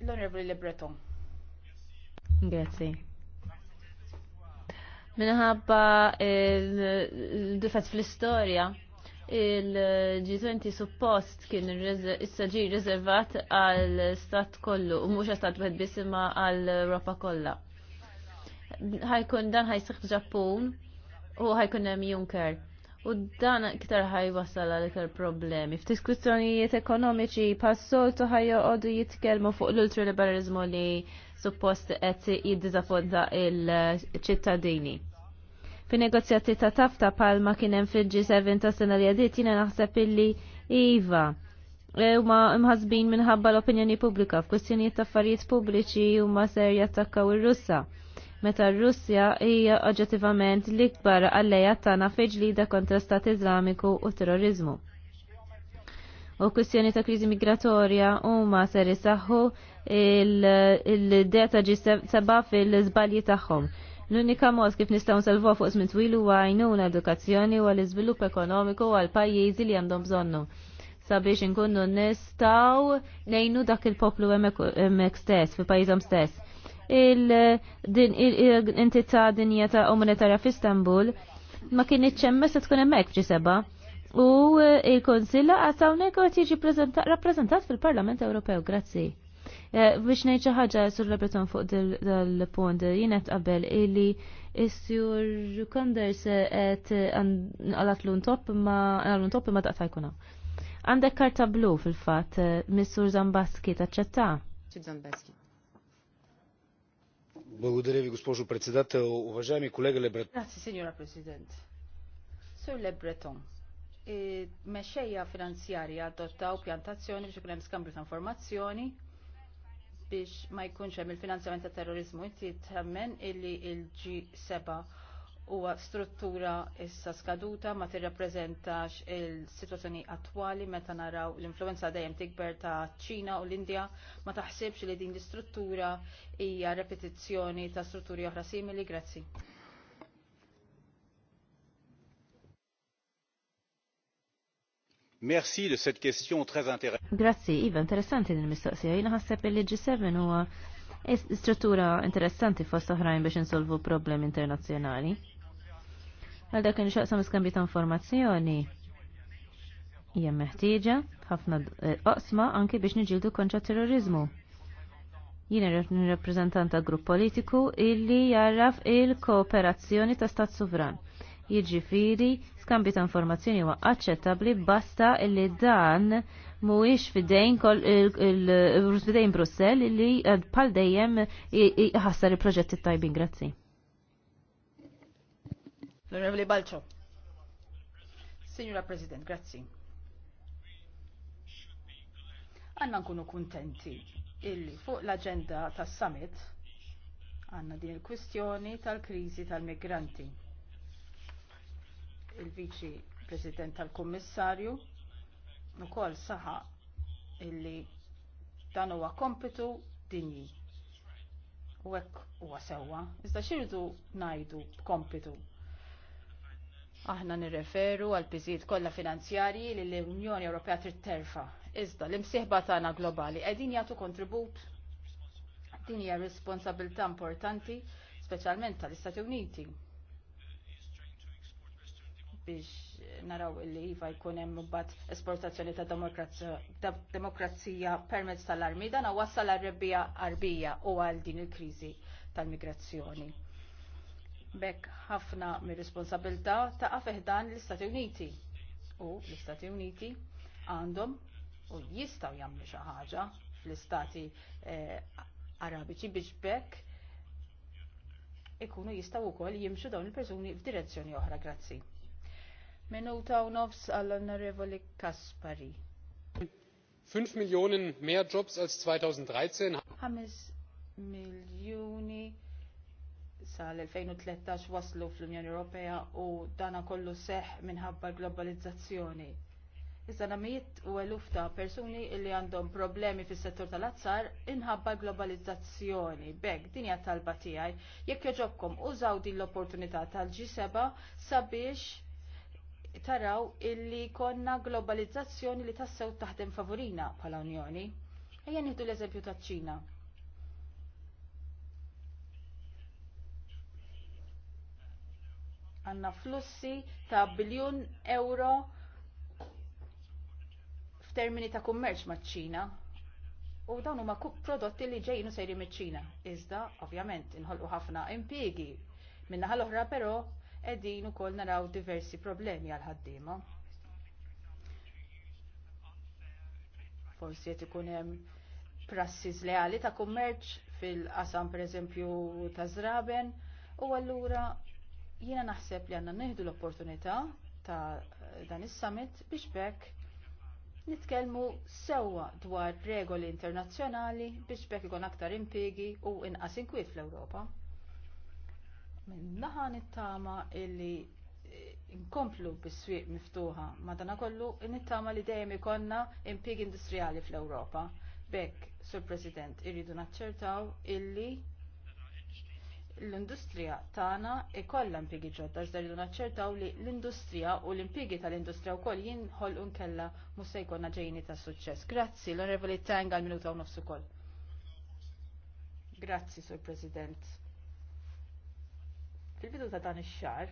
L-Onorevoli Libreton. Grazie. Minħabba il-difet fl-istoria, il-G20 suppost kien issa saġi rezervat għal stat kollu, u mhux stat għed bisima għal Europa kollha. Ħajkun dan ħajsih f'Ġappun u ħajkun hemm Juncker. U dan iktar ħaj wasal għal iktar problemi. F'diskussjonijiet ekonomiċi pas-soltu ħaj joqogħdu jitkellmu fuq l-ultraliberalizmu li suppost qed jiddiżafodda il-ċittadini fin negozjati ta' tafta palma kienem fil-G7 ta' sena li għadiet jina naħseb illi Iva. Huma mħazbin minħabba l-opinjoni pubblika f'kwestjonijiet ta' affarijiet pubbliċi huma ser jattakkaw ir-Russa. Meta r-Russja hija oġġettivament l-ikbar għallejja tagħna fiġlida kontra stat Iżlamiku u terrorizmu. U kwistjoni ta' kriżi migratorja huma ser isaħħu il-deta ġi seba fil-żbalji tagħhom L-unika mod kif nistgħu nsalvuha fuq żmien twil huwa għajnuna edukazzjoni u l iżvilupp ekonomiku għal pajjiżi li għandhom bżonnu sabiex inkunu nistgħu ngħinu dak il-poplu hemmhekk stess, fi pajjiżhom stess. Il-entità dinja ta' umanitarja f'Istanbul ma kien hemm se tkun hemmhekk f'ġi seba' u il-Konsilla għataw negozji ġi rappresentat fil-Parlament Ewropew. Grazzi. Eh, biex ngħid xi ħaġa sur Roberton fuq dal-pond jien qed qabel illi is-sur Konders qed għalatlu ntopp ma għalu ntopp ma daqta jkun Għandek karta blu fil-fatt eh, mis Zambaski taċċetta? Zambaski. Благодаря ви, госпожо председател. Уважаеми колега Лебретон. Grazie, сеньора президент. Sur Лебретон. mexxejja finanzjarja adottaw pjantazzjoni biex ikun hemm skambju ta' informazzjoni biex ma jkunx hemm il-finanzjament ta' terrorizmu inti tħemmen illi il-G7 huwa struttura issa skaduta ma tirrappreżentax il-sitwazzjoni attwali meta naraw l-influenza dejjem tikber ta' Ċina u l-Indja ma taħsibx li din l-istruttura hija repetizzjoni ta' strutturi oħra simili grazzi. Merci de cette question très intéressante. Grazzi, Iva, interessanti din mistoqsija. Jina ħasseb li G7 huwa struttura interessanti fost oħrajn biex insolvu problemi internazzjonali. Għal dak nixaqsam iskambju ta' informazzjoni hija meħtieġa ħafna eh, qosma anke biex niġildu kontra terrorizmu. Jiena rappreżentant ta' grupp politiku illi jarraf il-kooperazzjoni ta' stat sovran jiġifieri skambju ta' informazzjoni huwa aċċettabbli basta li dan mhuwiex fidejn il-fidejn Brussell li bħal dejjem ħassar il-proġetti tajbin. Grazzi. L-Onorevoli Balċo. Signora President, grazzi. Għanna nkunu kuntenti illi fuq l-agenda tas summit għanna din il-kwistjoni tal-krizi tal-migranti il-Viċi President tal-Kommissarju u kol saħa illi dan huwa kompitu dinji. U hekk huwa sewwa, iżda xirdu ngħidu b'kompitu. Aħna nirreferu għal piżijiet kollha finanzjarji li l-Unjoni Ewropea trid terfa. Iżda l-imsieħba tagħna globali qegħdin jagħtu kontribut din hija responsabilità importanti, speċjalment tal-Istati Uniti biex naraw li jiva jkun hemm mbagħad esportazzjoni ta' demokrazija permezz tal-armi dan wassal għar-rebbija qarbija u għal din il-kriżi tal-migrazzjoni. Bekk ħafna mir-responsabilità ta' dan l-Istati Uniti u l-Istati Uniti għandhom u jistaw jagħmlu xi ħaġa fl-istati eh, arabiċi biex bekk ikunu jistgħu wkoll jimxu dawn il-persuni f'direzzjoni oħra. Grazzi. Minuta u nofs għall-Onorevoli Kaspari. 5 Millionen mehr Jobs als 2013. Hamis Millioni sal-2013 waslu fl-Unjoni Ewropea u dana kollu seħ minħabba globalizzazzjoni. Iżda namijiet u eluf ta' persuni li għandhom problemi fis settur tal-azzar inħabba globalizzazzjoni. Bek, dinja talba tiegħi, jekk joġobkom użaw din l-opportunità tal-G7 sabiex taraw illi konna globalizzazzjoni li tassew taħdem favorina bħala Unjoni. Ejja nieħdu l-eżempju taċ ċina. Għanna flussi ta' biljun euro f'termini ta' kummerċ maċ ċina u dawn huma prodotti li ġejjin sejri miċ-Ċina. Iżda, ovvjament, inħolqu ħafna impjiegi. min l-oħra però edin u koll naraw diversi problemi għal-ħaddima. Forsi jett ikun hemm prassi żleali ta' kummerċ fil-qasam per eżempju ta' zraben u allura jiena naħseb li għanna nieħdu l-opportunità ta' dan is-summit biex bekk nitkellmu sewwa dwar regoli internazzjonali biex bekk ikun aktar impjiegi u inqas inkwiet fl-Ewropa. Minn naħa nittama illi eh, inkomplu bis-swieq miftuħa, madanakollu nittama li dejjem ikonna impjieg industrijali fl-Ewropa. Bekk, Sur President, irridu naċċertaw illi l-industrija tagħna ikollha impjiegi ġodda iżda rridu naċċertaw li l-industrija u l-impjiegi tal-industrija wkoll jinħolqu nkella mhux se jkollna ġejni ta' suċċess. Grazzi, l-Onorevoli Tang għal minuta u nofs ukoll. Grazzi, Sur President fil-bidu ta' dan ix-xar.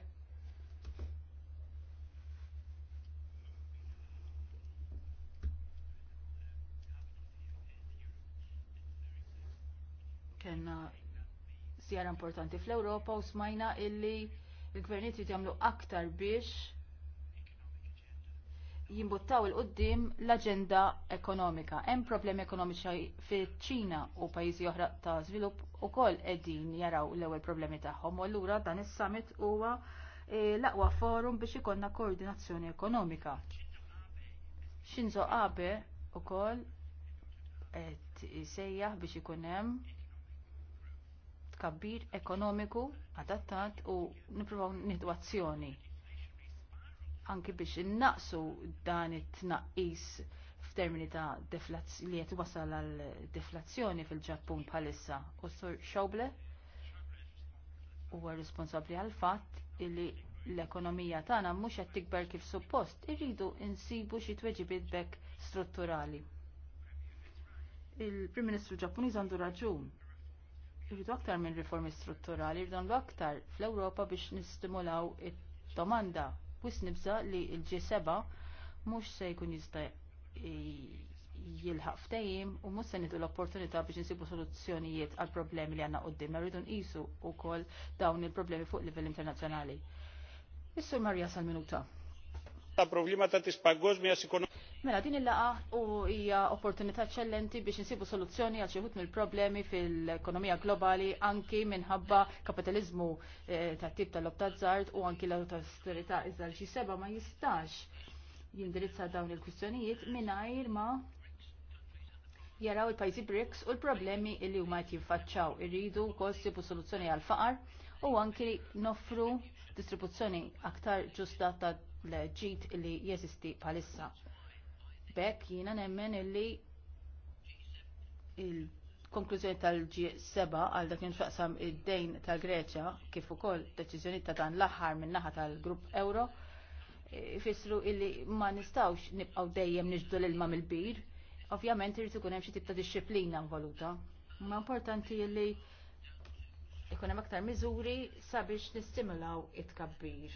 Kenna sjara importanti fl-Ewropa u smajna illi il-gvernijiet jagħmlu aktar biex jimbuttaw il-qoddim l-agenda ekonomika. Hemm problemi ekonomiċi fiċ-Ċina u pajjiżi oħra ta' żvilupp ukoll qegħdin jaraw l-ewwel problemi tagħhom u allura dan is-summit huwa eh, l-aqwa forum biex ikollna koordinazzjoni ekonomika. Shinzo Abe ukoll qed isejjaħ biex ikun hemm tkabbir ekonomiku adattat u nippruvaw nieħdu azzjoni anki biex innaqsu dan it-tnaqqis f'termini ta' deflazzjoni li qed wasal għal deflazzjoni fil-Ġappun bħalissa. U Sur Xoble huwa responsabbli għal fatt li l-ekonomija tagħna mhux qed tikber kif suppost, irridu insibu xi tweġibiet bekk strutturali. Il-Prim Ministru Ġappuniż għandu raġun. Irridu aktar minn riformi strutturali, irridu aktar fl-Ewropa biex nistimulaw id-domanda Wis nibza li l-G7 mhux se jkun jista' jilħaf ftehim u mhux se nidu l-opportunità biex insibu soluzzjonijiet għal problemi li għandna qudiem rridu nqisu wkoll dawn il-problemi fuq livell internazzjonali. Issu Marja sal-minuta. Ta' problema ta' tispagoż mija Mela din il-laqa u hija opportunità eċċellenti biex insibu soluzzjoni għal xi mill-problemi fil-ekonomija globali anki minħabba kapitalizmu eh, ta' tip tal-lob żard u anki l-autosterità iżda xi seba ma jistax jindirizza dawn il-kwistjonijiet mingħajr ma jaraw il-pajzi BRICS u l-problemi li huma qed jiffaċċaw irridu wkoll sibu soluzzjoni għal faqar u anki noffru distribuzzjoni aktar ġusta tal-ġid li jeżisti bħalissa. Bekk jiena nemmen illi il-konklużjoni tal-G7 għal dak xaqsam id-dejn tal-Greċja kif ukoll deċiżjoni ta' dan l-aħħar min-naħa tal-Grupp Euro ifissru e, illi ma nistawx nibqgħu dejjem niġdu l-ilma mill-bir. Ovvjament irid ikun hemm xi tip ta' dixxilpina involuta. Ma importanti illi ikun hemm aktar miżuri sabiex nistimulaw it tkabbir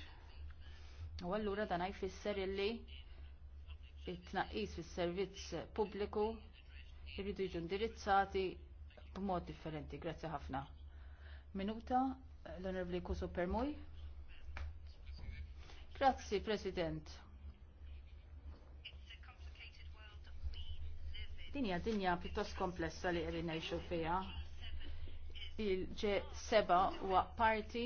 U allura dan jfisser illi it-tnaqqis fis-servizz pubbliku irridu jiġu indirizzati b'mod differenti. Grazzi ħafna. Minuta l-Onorevoli Kuso Permuj. Grazzi, President. Dinja dinja pjuttost komplessa li qegħdin ngħixu fiha. il ġe seba huwa parti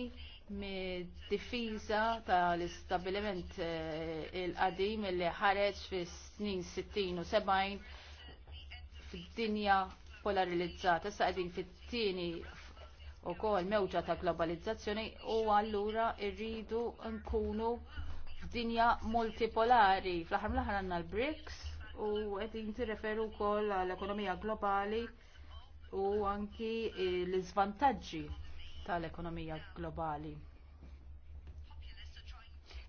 mid-difiża tal-istabiliment eh, il-qadim li ħareġ fis-snin 60 u 70 fid-dinja polarizzata. Issa qegħdin fit-tieni wkoll mewġa ta' globalizzazzjoni u allura rridu nkunu f'dinja multipolari. Fl-aħħar l aħħar għandna l-BRICS u t-referu wkoll għall-ekonomija globali u anki l-iżvantaġġi tal-ekonomija globali.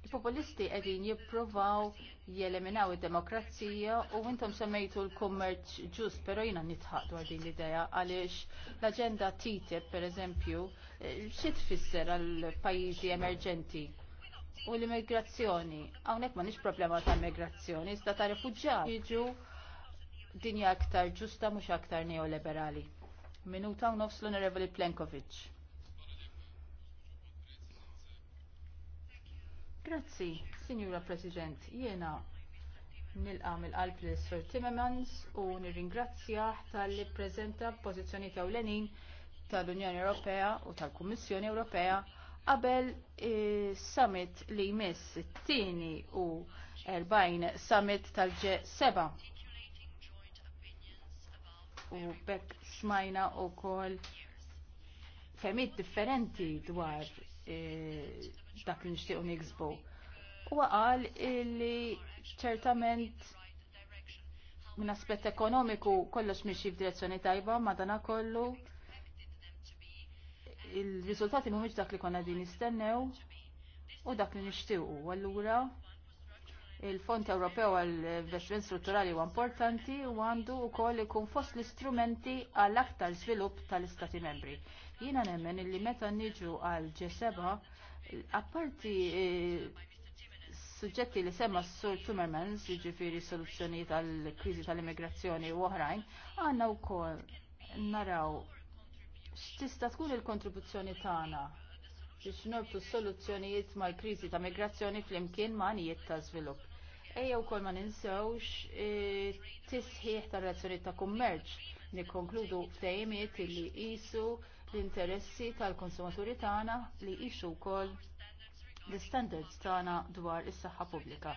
Il-populisti qegħdin jippruvaw jeleminaw id-demokrazija u intom semmejtu l-kummerċ ġust, però jiena nitħaq dwar din l-idea għaliex l-aġenda TTIP pereżempju xi tfisser għal pajjiżi emerġenti u l-immigrazzjoni. Hawnhekk m'għandix problema ta' immigrazzjoni, iżda ta' rifuġġjati jiġu dinja aktar ġusta mhux aktar neoliberali. Minuta u nofs l-Onorevoli Plenkovic. Grazzi, Signora President, Jiena għam mill-qalb li Sir Timmermans u nir-ringrazzja tal-li prezenta pozizjoni tawlenin tal-Unjoni Ewropea u tal-Kummissjoni Ewropea qabel summit li jmiss it-tieni u 40 summit tal-G7. U bekk smajna u kol femit differenti dwar Eh, dak li nixtiequ niksbu. U qal illi ċertament minn aspett ekonomiku kollox miexi f'direzzjoni tajba, ma dana kollu il-riżultati mhumiex dak li konna din nistennew u dak li nixtiequ. Allura il-Fond Ewropew għal investiment strutturali huwa importanti u għandu wkoll ikun fost l-istrumenti għall aktar svilupp tal-Istati membri. Jiena nemmen illi meta niġu għal g apparti eh, suġġetti li semma s-sur Timmermans, ġifiri soluzzjoni tal-krizi tal-immigrazzjoni u oħrajn, għanna u kol naraw x'tista tkun il-kontribuzzjoni tagħna biex nortu soluzzjonijiet mal-krizi ta' migrazzjoni fl-imkien ma' nijiet ta' żvilupp. Ejja wkoll ma ninsewx eh, tisħiħ tar-relazzjoni ta' kummerċ nikkonkludu ftehimiet illi jqisu l-interessi tal-konsumaturi tagħna li jixu wkoll l-standards tagħna dwar is-saħħa pubblika.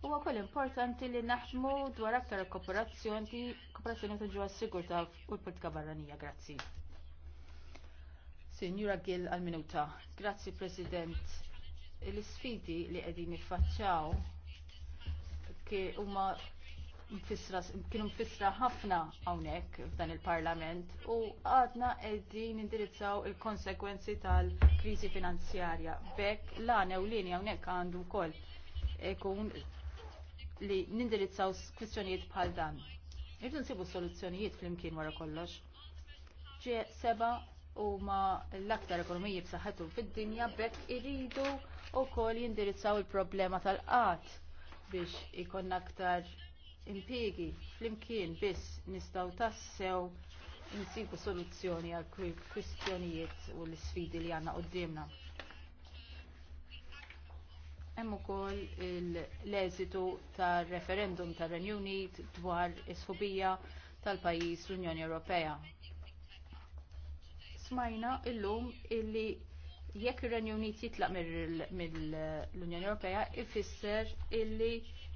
Huwa wkoll importanti li naħdmu dwar aktar kooperazzjoni kooperazzjoni ta' ġewwa sigurtà u l-politika barranija. Grazzi. Sinjura Gill għal-minuta. Grazzi President. l isfidi li qegħdin niffaċċjaw huma kienu mfissra ħafna hawnhekk f'dan il-Parlament u għadna qegħdin indirizzaw il-konsekwenzi tal-kriżi finanzjarja. Bekk l-għana u l-għini hawnhekk għandu wkoll ikun li nindirizzaw kwistjonijiet bħal dan. Irridu nsibu soluzzjonijiet flimkien wara kollox. Ġie seba huma l-aktar ekonomiji b'saħħetu fid-dinja bekk iridu wkoll jindirizzaw il-problema tal-qatt biex ikon aktar impjiegi flimkien biss nistgħu tassew insibu soluzzjoni għal kwistjonijiet u l isfidi li għandna quddiemna. Hemm ukoll l-eżitu tar-referendum tar-Renju Unit dwar is-ħubija tal-pajjiż l-Unjoni Ewropea. Smajna llum illi jekk ir-Renju Unit jitlaq mill-Unjoni Ewropea ifisser illi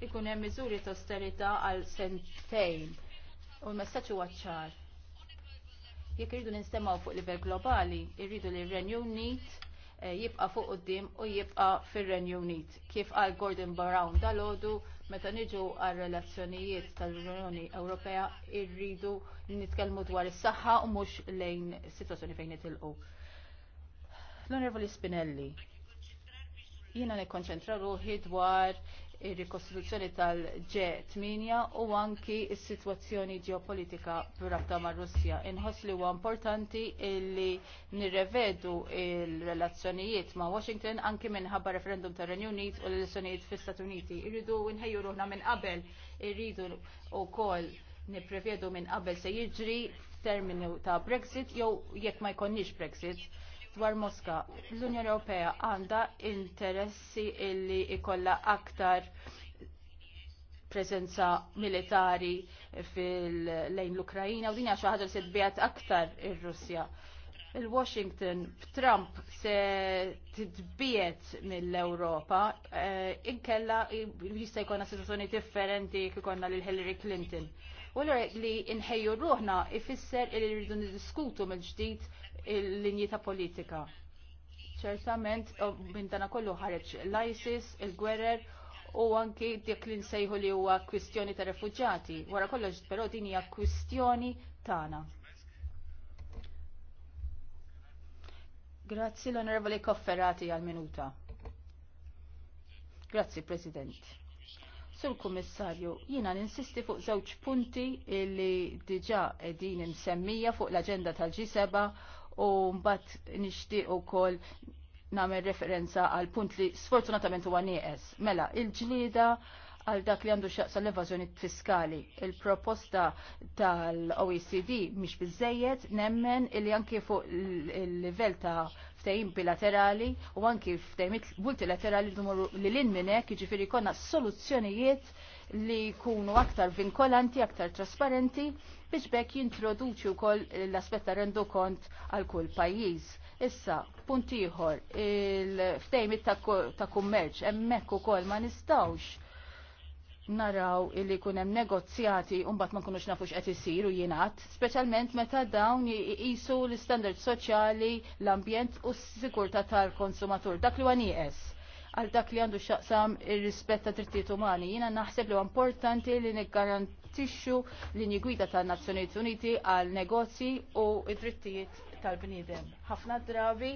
ikun hemm miżuri ta' austerità għal sentejn. U l-messaġġ huwa ċar. Jekk irridu nistemgħu fuq livell globali, irridu li r-Renju Unit eh, jibqa' fuq quddiem u jibqa' fir-Renju Unit. Kif qal Gordon Brown dalodu meta niġu għal relazzjonijiet tal-Unjoni Ewropea irridu nitkellmu dwar is-saħħa u mhux lejn sitwazzjoni fejn nitilqu. L-Onorevoli Spinelli, jina nikkonċentra ruħi dwar ir-rikostituzzjoni tal-G8 u anki s-sitwazzjoni ġeopolitika b'rabta ma' Russja. Inħoss li huwa importanti li nirrevedu il-relazzjonijiet ma' Washington anki minħabba referendum tar renju Unit u l-elezzjonijiet fl-Istati Uniti. Irridu nħejju ruħna minn qabel, irridu wkoll nipprevedu minn qabel se jiġri terminu ta' Brexit jew jekk ma jkonniex Brexit dwar Mosca. L-Unjoni Ewropea għandha interessi illi ikolla aktar preżenza militari fil-lejn l-Ukrajina u din għaxa se sidbijat aktar ir-Russja. Il-Washington b'Trump se titbiet mill-Europa eh, inkella jista' jkollna situazzjoni differenti kif konna lil Hillary Clinton. U li nħejju ruħna ifisser li rridu niddiskutu mill-ġdid il-linji ta' politika. Ċertament, minn dana kollu ħareġ l-ISIS, il-gwerer, u anki dik li nsejħu li huwa kwistjoni ta' refugġati. Wara kollox, però din hija kwistjoni tagħna. Grazzi l-Onorevoli Kofferati għal-minuta. Grazzi, President. Sur Kummissarju, jiena ninsisti fuq żewġ punti li diġà qegħdin imsemmija fuq l agenda tal tal-G7 u mbagħad nixtieq ukoll nagħmel referenza għal punt li sfortunatament huwa nieqes. Mela, il-ġlieda għal dak li għandu xaqsa l-evażjoni fiskali. Il-proposta tal-OECD mhix biżejjed nemmen illi anki fuq il-livell ta' ftehim bilaterali u anki ftehim multilaterali li l-in minnek jiġifieri konna soluzzjonijiet li jkunu aktar vinkolanti, aktar trasparenti biex bekk jintroduċi wkoll l-aspetta rendu kont għal kull pajjiż. Issa, punt ieħor, il-ftejmit ta' kummerċ hemmhekk ukoll ma nistgħux naraw illi kun hemm negozjati u mbagħad ma nkunux nafux qed isiru jingħad, speċjalment meta dawn jiqisu l-istandard soċjali, l-ambjent u s-sikurtà tal-konsumatur. Dak li huwa nieqes għal dak li għandu xaqsam ir-rispett ta' drittijiet umani. Jiena naħseb li importanti li nikgarant nistabilixxu linji gwida tan-Nazzjonijiet Uniti għal negozji u id-drittijiet tal-bniedem. Ħafna drabi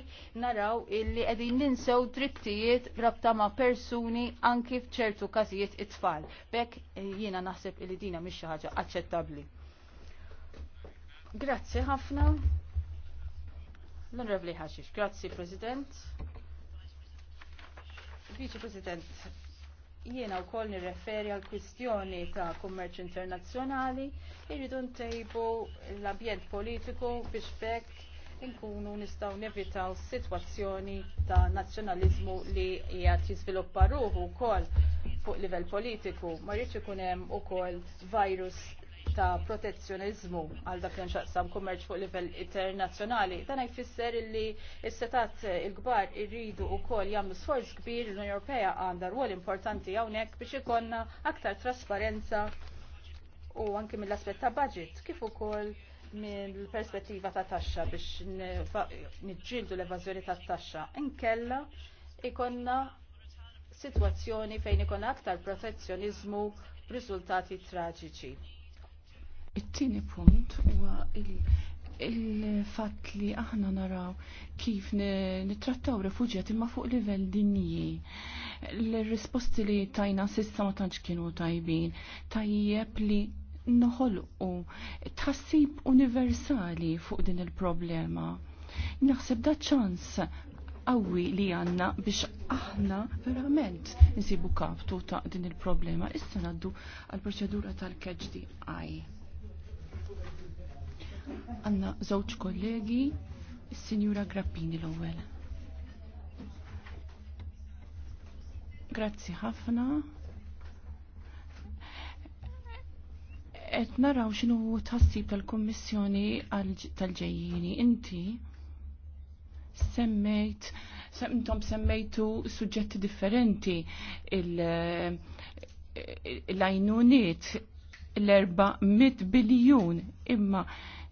naraw illi qegħdin ninsew drittijiet rabta ma' persuni anki f'ċertu każijiet it-tfal. Bekk eh, jiena naħseb illi dina mhix xi ħaġa aċċettabbli. Grazzi ħafna. L-Onorevoli Ħaxix, grazzi President. Vice President, jiena wkoll nirreferi għal kwistjoni ta' kummerċ internazzjonali, irridu ntejbu l-ambjent politiku biex bekk inkunu nistgħu nevitaw sitwazzjoni ta' nazzjonaliżmu li qiegħed jiżviluppa ruħu wkoll fuq livell politiku. Ma rridx ikun hemm ukoll virus ta' protezzjonizmu għal dak li nxaqsam kummerċ fuq livell internazzjonali. Dan jfisser li s-setat il-gbar irridu u kol jamlu sforz kbir l unjoni Ewropea għandha rwol importanti hawnhekk biex ikonna aktar trasparenza u anki mill-aspett ta' budget kif ukoll mill perspettiva ta' taxxa biex niġġieldu l-evażjoni ta' taxxa. Inkella ikonna situazzjoni fejn ikonna aktar protezzjonizmu b'riżultati traġiċi. It-tieni punt huwa il-fatt li aħna naraw kif nittrattaw refuġjati imma fuq livell dinji. L-risposti li tajna sissa ma tantx kienu tajbin. Tajjeb li noħolqu tħassib universali fuq din il-problema. Naħseb da ċans qawwi li għanna biex aħna verament nsibu kaptu ta' din il-problema. Issa naddu għal-proċedura tal-keġdi għaj. Għanna żewġ kollegi, il sinjura Grappini l-ewwel. Grazzi ħafna. Et naraw xinu tħassib tal-Kommissjoni tal-ġejjini. Inti semmejt, intom semmejtu suġġetti differenti il-lajnuniet l erba mit biljun imma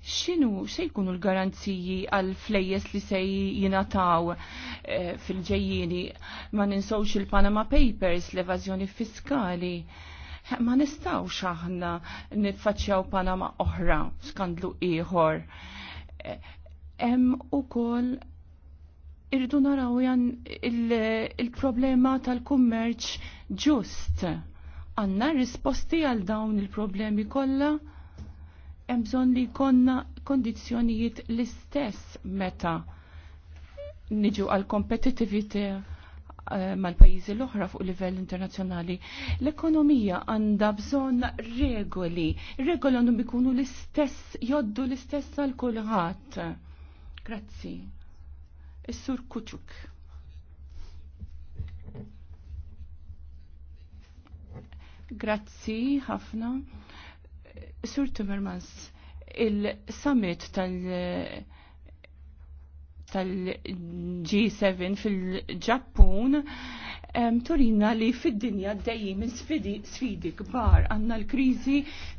xinu se jkunu l-garanziji għal flejjes li se jinataw eh, fil-ġejjini ma ninsawx il-Panama Papers, l-evazjoni fiskali. Eh, ma nistaw aħna nitfaċċjaw Panama oħra, skandlu ieħor. Eh, hemm ukoll irridu naraw jan il-problema il tal-kummerċ ġust. Għanna risposti għal dawn il-problemi kollha? hemm bżonn li jkollna kondizzjonijiet l-istess meta niġu għal kompetitività eh, mal pajjiżi l-oħra fuq livell internazzjonali. L-ekonomija għandha bżonn regoli. Regoli għandhom ikunu l-istess, joddu l-istess għal kulħadd. Grazzi. Is-sur Kuċuk. Grazzi ħafna. Sur Timmermans, il-summit tal- tal-G7 fil-Ġappun turina li fid-dinja dejjem minn sfidi kbar għandna l-kriżi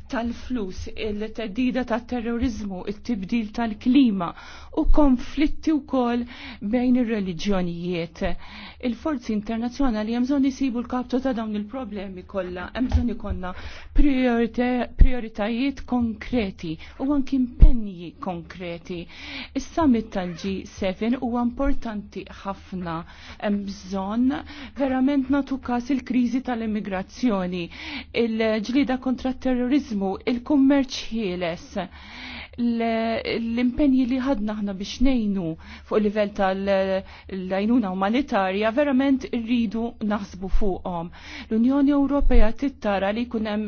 tal-flus, il tedida tal terrorizmu, il-tibdil tal-klima u konflitti u kol bejn il-reliġjonijiet. Il-forzi internazjonali jemżon jisibu l-kaptu ta' dawn il-problemi kolla, jemżon jikonna prioritajiet konkreti u anki impenji konkreti. Is-summit tal-G7 u importanti ħafna jemżon verament natukas il-krizi tal-immigrazzjoni, il-ġlida kontra terrorizmu terrorizmu, il-kummerċ ħieles, l-impenji li ħadna ħna biex nejnu fuq livell tal-lajnuna umanitarja verament rridu naħsbu fuqhom. L-Unjoni Ewropea tittara li kunem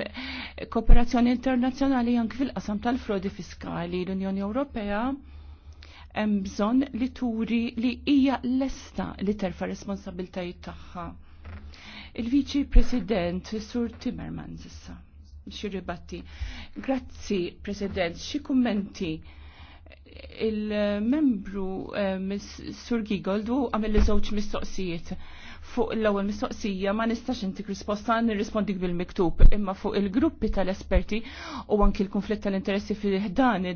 kooperazzjoni internazzjonali anki fil-qasam tal-frodi fiskali. L-Unjoni Ewropea hemm bżonn li turi li hija lesta li terfa' responsabiltajiet tagħha. Il-Viċi President Sur Timmermans issa xirribatti. Grazzi, President, xi kummenti il-membru eh, Sur Gigold u għamil li żewġ mistoqsijiet. Fuq l-ewwel mistoqsija ma nistax intik risposta nirrispondik bil-miktub, imma fuq il-gruppi tal-esperti u anki l-konflitt tal-interessi fil-ħdan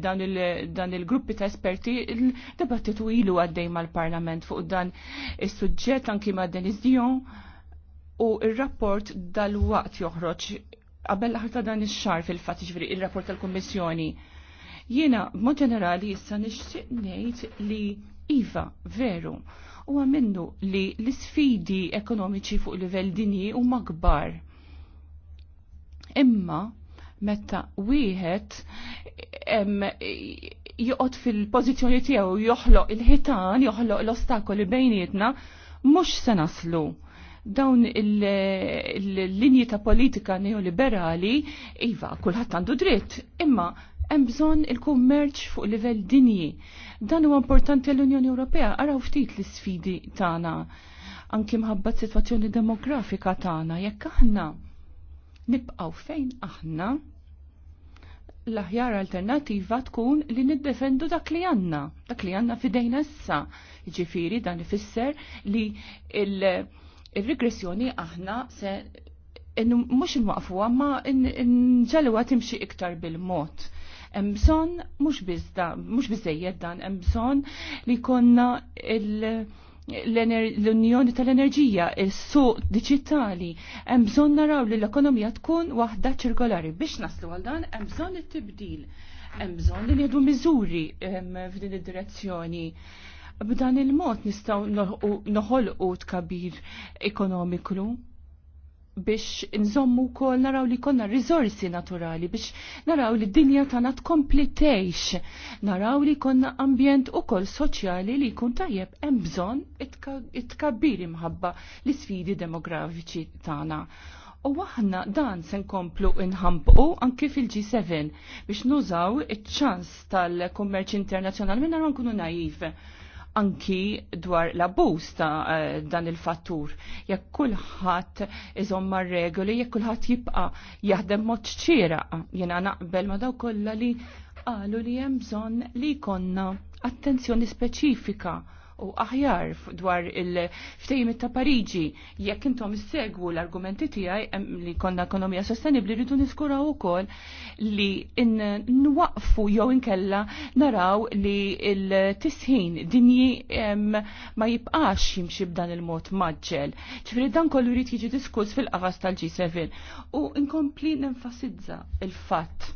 dan il-gruppi ta' esperti il-debattitu ilu għaddej mal-Parlament fuq dan is-suġġett anki ma' Denis Dion u il-rapport dal-waqt joħroġ qabel l ta' dan ix-xar fil-fatt ġifieri ir-rapport tal-Kummissjoni. Jiena mod ġenerali issa nixtieq ngħid li iva veru u għamennu li l-isfidi ekonomiċi fuq livell dinji huma kbar. Imma meta wieħed joqgħod fil-pożizzjoni tiegħu joħloq il-ħitan, joħloq l-ostakoli bejnietna, mhux se naslu dawn il-linji ta' politika neoliberali, iva, kulħadd għandu dritt, imma hemm bżonn il-kummerċ fuq livell dinji. Dan huwa importanti l-Unjoni Ewropea, araw ftit l-sfidi tagħna anki mħabba situazzjoni demografika tagħna jekk aħna nibqgħu fejn aħna l-aħjar alternativa tkun li niddefendu dak li għanna, dak li għanna fidejna issa. Ġifiri dan ifisser li il- ir-regressjoni aħna se mhux inwaqfuha ma nġalwa timxi iktar bil-mod. Hemm bżonn mhux mux mhux dan, hemm bżonn li konna l-unjoni tal-enerġija, il suq digitali, hemm bżonn naraw li l-ekonomija tkun waħda ċirkolari. Biex naslu għal dan, hemm bżonn it-tibdil, hemm bżonn li nieħdu miżuri f'din id-direzzjoni B'dan il-mod nistgħu noħolqu tkabbir ekonomiku biex nżommu kol naraw li konna rizorsi naturali, biex naraw li dinja tana tkomplitejx, naraw li konna ambjent u kol soċjali li kun tajjeb embżon it imħabba li sfidi demografiċi tana. U aħna dan se nkomplu inħampqu anki fil-G7 biex nużaw iċ-ċans tal-kummerċ internazzjonali minna nkunu naiv anki dwar l-abbuż ta' eh, dan il-fattur. Jekk kulħadd iżomm mar-regoli, jekk kulħadd jibqa' jaħdem mod xieraq, jiena naqbel ma' daw kollha li qalu li hemm bżonn li jkollna attenzjoni speċifika u aħjar dwar il-ftejmit ta' Pariġi. Jekk intom segwu l-argumenti tiegħi li konna ekonomija sostenibli rridu niskuraw ukoll li nwaqfu jew inkella naraw li l-tisħin dinji ma jibqax jimxi b'dan il-mod maġġel. Ċifri dan kollu jrid jiġi diskuss fil-qafas tal-G7 u inkompli nenfasizza il-fatt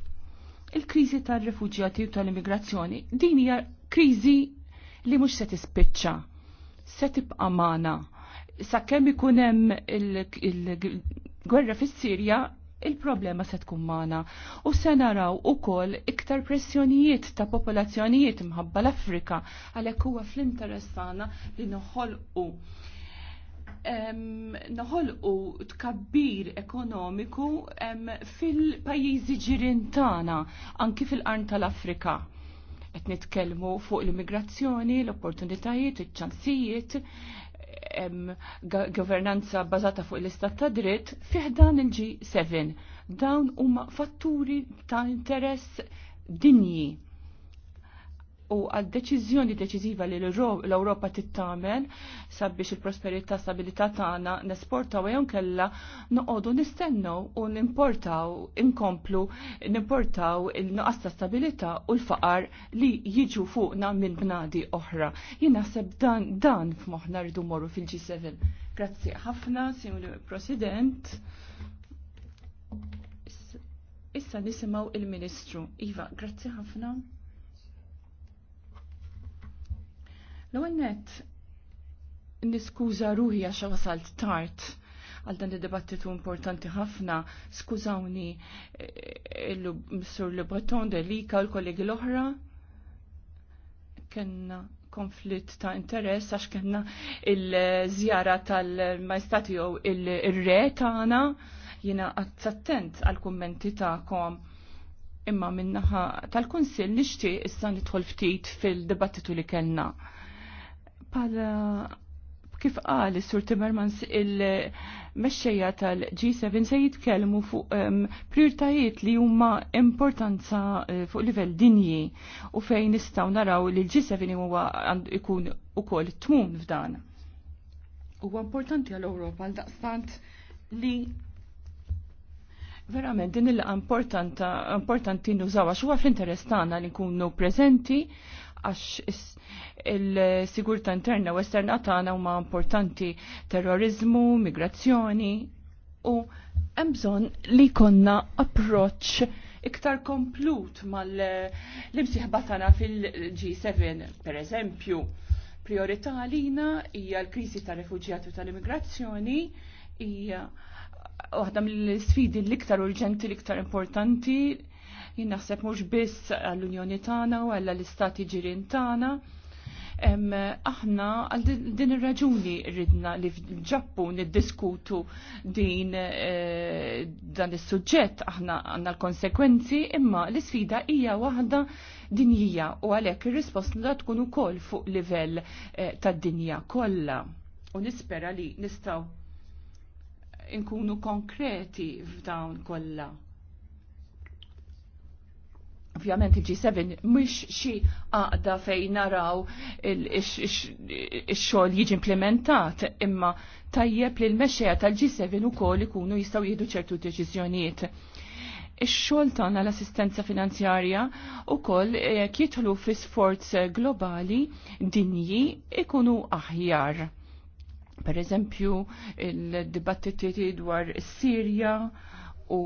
il-kriżi tal-refuġjati u tal-immigrazzjoni din hija kriżi li mhux se tispiċċa, se tibqa' magħna. Sakemm ikun hemm il-gwerra fis-Sirja il-problema se tkun magħna u se naraw ukoll iktar pressjonijiet ta' popolazzjonijiet mħabba l-Afrika għalhekk huwa fl interessana tagħna li noħolqu noħolqu tkabbir ekonomiku fil-pajjiżi ġirintana, tagħna anki fil-qarn tal-Afrika qed nitkellmu fuq l-immigrazzjoni, l-opportunitajiet, iċ-ċansijiet, governanza bazata fuq l-istat ta' dritt fih dan il-G7. Dawn huma fatturi ta' interess dinji u għad deċiżjoni deċiżiva li l-Europa tittamen sabiex il-prosperità stabilità tagħna nesportaw jew kella noqogħdu nistennew u nimportaw inkomplu nimportaw il-nuqqas ta' stabilità u l-faqar li jiġu fuqna minn bnadi oħra. Jien naħseb dan dan f'moħħna rridu morru fil-G7. Grazzi ħafna, Simul President. Issa nisimaw il-Ministru. Iva, grazzi ħafna. L-ewwel net niskuża ruħi għax wasalt tard għal dan id-dibattitu importanti ħafna, skużawni eh, sur Le Delika u l-kollegi l-oħra, kena konflitt ta' interess għax kena il-żjara tal-majstati jew il-re tagħna jiena attent għal kummenti tagħkom imma minnaħa tal-Kunsill nixtieq issa nidħol ftit fil-dibattitu li kellna. Pala kif qal is-Sur Timmermans il-mexxejja tal-G7 se jitkellmu fuq um, prioritajiet li huma importanza eh, fuq livell dinji u fejn nistgħu naraw li l-G7 huwa ikun ukoll tmun f'dan. Huwa importanti għall-Ewropa għal daqstant li Verament, din il-importanti nużawa huwa fl-interess tagħna li nkunu preżenti għax il-sigurta interna u esterna tagħna huma importanti terrorizmu, migrazzjoni u hemm bżonn li konna approċċ iktar komplut mal-imsieħba tagħna fil-G7 pereżempju. Priorità għalina hija l-krisi ta' refuġjati u tal-immigrazzjoni hija waħda mill-sfidi l-iktar urġenti l-iktar importanti jien naħseb mhux biss għall-Unjoni tagħna u għall l-istati ġirien tagħna. Aħna għal din ir-raġuni ridna li fil-Ġappun niddiskutu din eh, dan is-suġġett aħna għandna l-konsekwenzi imma l-isfida hija waħda dinjija u għalhekk ir-risposta tkun ukoll fuq livell eh, tad-dinja kollha u nispera li nistaw inkunu konkreti f'dawn kollha. Ovvjament il-G7 mux xi għaqda fejn naraw il xogħol jiġi implementat, imma tajjeb li l-mexxejja tal-G7 ukoll ikunu jistgħu jieħdu ċertu deċiżjonijiet. Ix-xogħol tagħna l-assistenza finanzjarja ukoll eh, jidħlu fi sforz globali dinji ikunu aħjar. Per eżempju, il-dibattiti dwar Sirja, u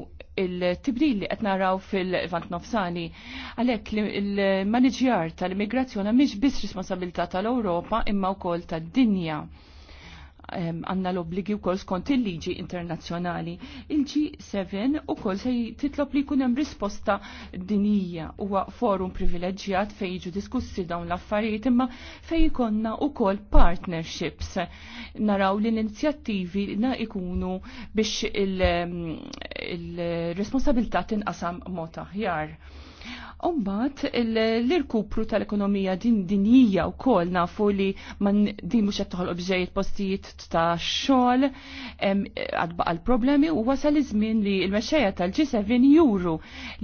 il-tibdil li qed naraw fil-vant nofsani. Għalhekk il-maniġjar tal-immigrazzjoni mhix biss responsabilità tal-Ewropa imma wkoll tad-dinja għanna l-obligi wkoll skont il-liġi internazzjonali. Il-G7 ukoll se titlob li jkun hemm risposta dinija huwa forum privileġġjat fejn jiġu diskussi dawn l-affarijiet imma fejn ikonna kol partnerships. Naraw l-inizjattivi na ikunu biex il-responsabilità il tinqasam mod aħjar Umbat, l-irkupru tal-ekonomija din dinija u kol nafu li man din mux jattuħal obġejiet postijiet ta' xol għadba għal-problemi u wasal li żmien li l-mexxejja tal-G7 juru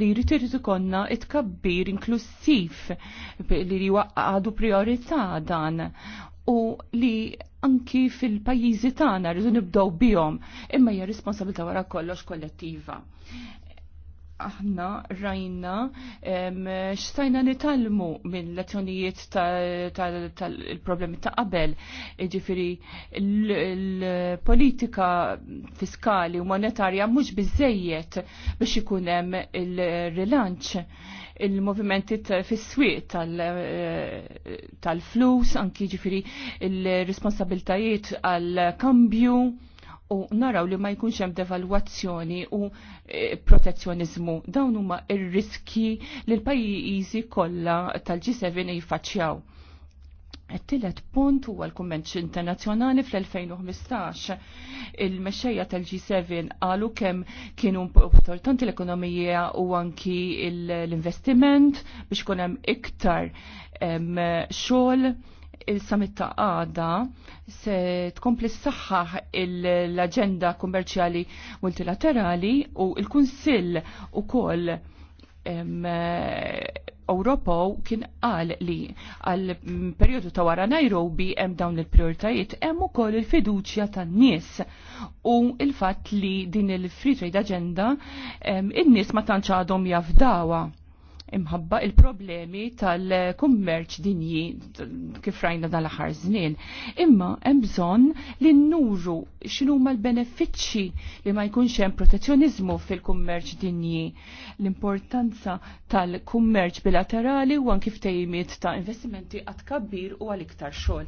li jrid konna it-kabbir inklusiv li għadu priorità dan u li anki fil-pajjiżi tagħna rridu nibdew bihom imma hija responsabilità wara kollox kollettiva aħna rajna x'stajna nitalmu minn lezzjonijiet tal-problemi ta' qabel. Ġifiri, l-politika fiskali u monetarja mhux biżejjed biex ikun hemm il-rilanċ il-movimenti fis-swieq eh, tal-flus, anki ġifiri il-responsabiltajiet għal-kambju u naraw li ma jkunx hemm devalwazzjoni u eh, protezzjonizmu. Dawn huma ir-riski li l-pajjiżi kollha tal-G7 jiffaċċjaw. Tillet punt huwa l-Kumment Internazzjonali fl-2015. Il-mexxejja tal-G7 qalu kemm kienu importanti l-ekonomija u anki l-investiment biex kun hemm iktar xogħol il-summit ta' għada se tkompli s-saxħaħ l-agenda kummerċjali multilaterali u il-Kunsill u koll Ewropew kien qal li għal periodu ta' wara Nairobi hemm dawn il-prioritajiet hemm ukoll il-fiduċja tan-nies u il-fatt li din il-Free Trade Agenda in-nies ma tantx għadhom jafdawa imħabba il-problemi tal-kummerċ dinji kif rajna dal-aħħar żnien. Imma hemm bżonn li nnuru x'inhuma l-benefiċċji li ma jkunx hemm protezzjoniżmu fil-kummerċ dinji. L-importanza tal-kummerċ bilaterali u kif tejmiet ta' investimenti għad kabbir u għal iktar xogħol.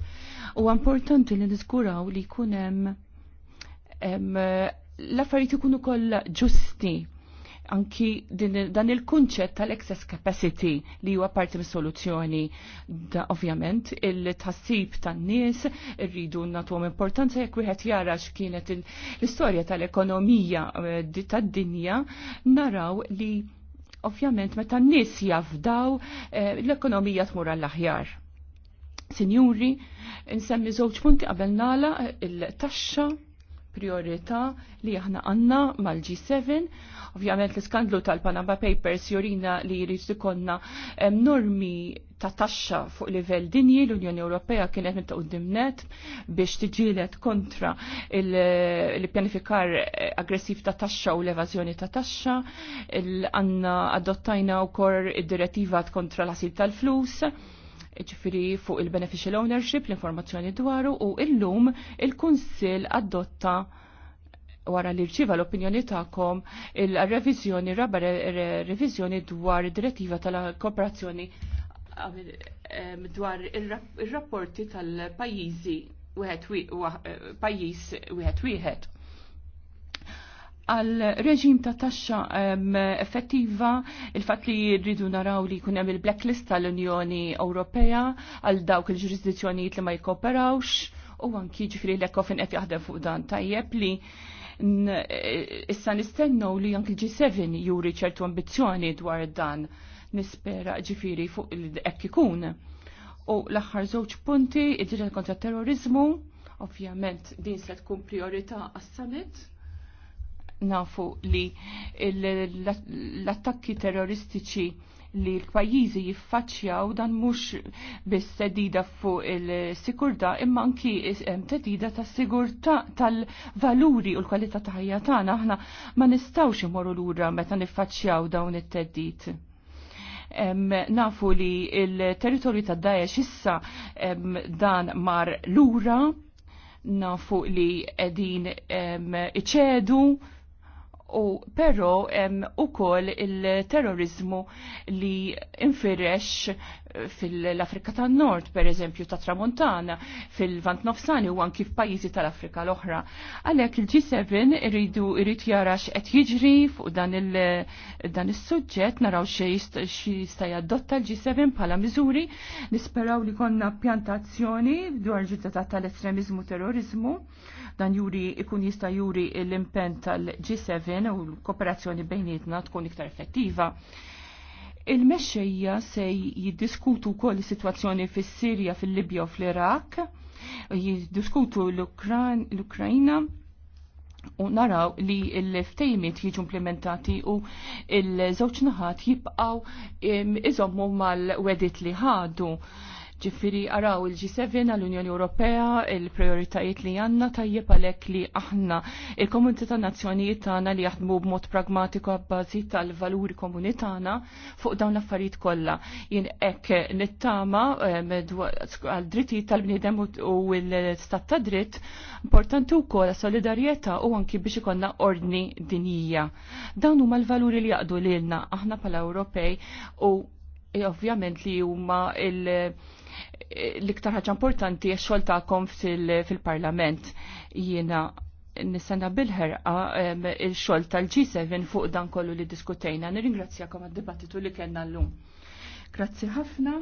U importanti li niżguraw li jkun hemm l-affarijiet ikunu kollha ġusti anki din, dan il-kunċett tal-excess capacity li huwa parti mis-soluzzjoni. Da ovvjament il-tassib tan-nies irridu nagħtuhom importanza jekk wieħed jara x'kienet l-istorja tal-ekonomija eh, tad-dinja naraw li ovvjament meta n-nies jafdaw eh, l-ekonomija tmur għall-aħjar. Sinjuri, nsemmi żewġ punti qabel nagħlaq il-taxxa priorità li aħna għanna mal-G7. Ovvjament l-iskandlu tal-Panama Papers jorina li jrid ikonna normi ta' taxxa fuq livell dinji l-Unjoni Ewropea kienet minn net biex tiġilet kontra l pjanifikar eh, aggressiv ta' taxxa u l-evażjoni ta' taxxa, għanna adottajna wkoll id-direttiva kontra l-asil tal-flus, ġifiri fuq il-beneficial ownership, l-informazzjoni dwaru u illum il-Kunsil adotta wara li rċiva l-opinjoni ta'kom il-revizjoni, raba revizjoni dwar direttiva tal-kooperazzjoni um, dwar il-rapporti tal-pajizi wieħed eh, pajjiż wieħed wieħed għal reġim ta' taxxa effettiva il-fatt li rridu naraw li jkun hemm il-blacklist tal-Unjoni Ewropea għal dawk il-ġurisdizzjonijiet li ma jkoperawx, u anki ġifri li kofin qed jaħdem fuq dan tajjeb li issa nistennu li għanki G7 juri ċertu ambizzjoni dwar dan nispera ġifiri fuq il ekki ikun. U l-aħħar żewġ punti, id-diretta kontra terrorizmu, ovvjament din se tkun priorità għas-summit nafu li l-attakki terroristiċi li l-pajjiżi jiffaċċjaw dan mhux biss tedida fuq il-sikurda imma anki tedida tas-sigurtà tal-valuri u l-kwalità ta' ħajja tagħna aħna ma nistgħux imorru lura meta niffaċċjaw dawn it-teddid. Nafu li il-territorju tad Daesh issa dan mar lura, nafu li qegħdin iċedu u però, hemm ukoll il-terrorizmu li infirex fil-Afrika tan nord per eżempju, ta' Tramontana, fil-Vant Nofsani u anki f'pajjiżi tal-Afrika l-oħra. Għalhekk il-G7 irridu irrid jara x'qed jiġri fuq dan is-suġġett naraw jista' jadotta l-G7 bħala miżuri, nisperaw li konna pjantazzjoni dwar ġuddata tal-estremizmu terrorizmu, dan juri ikun jista' juri l-impen tal-G7 u l-kooperazzjoni bejnietna tkun iktar effettiva. Il-mexxejja se jiddiskutu wkoll is-sitwazzjoni fis-Sirja, fil-Libja u fl-Iraq, jiddiskutu l-Ukrajna u naraw li l-ftejmiet jiġu implementati u l-żewġ naħat jibqgħu iżommu mal-wedit li ħadu Ġifiri għaraw il-G7 għall-Unjoni Ewropea il-prioritajiet li għanna tajjeb għalek li aħna il-komunità nazzjonijiet tagħna li jaħdmu b'mod pragmatiku għabbażi tal-valuri komuni tagħna fuq dawn l-affarijiet kollha. Jien hekk nittama eh, għal-dritti tal-bniedem u l-istat ta' dritt importanti wkoll solidarjetà u anki biex ikonna ordni dinjija. Dawn huma l-valuri li jaqdu lilna aħna bħala Ewropej u eh, ovvjament li huma il- l-iktar ħaġa importanti x-xogħol tagħkom fil-Parlament jiena nistenna bil-ħerqa il-xogħol tal-G7 fuq dan kollu li diskutejna. Nirringrazzjakom għad-dibattitu li kellna llum. Grazzi ħafna.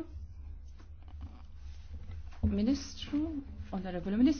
Ministru, Onorevoli Ministru.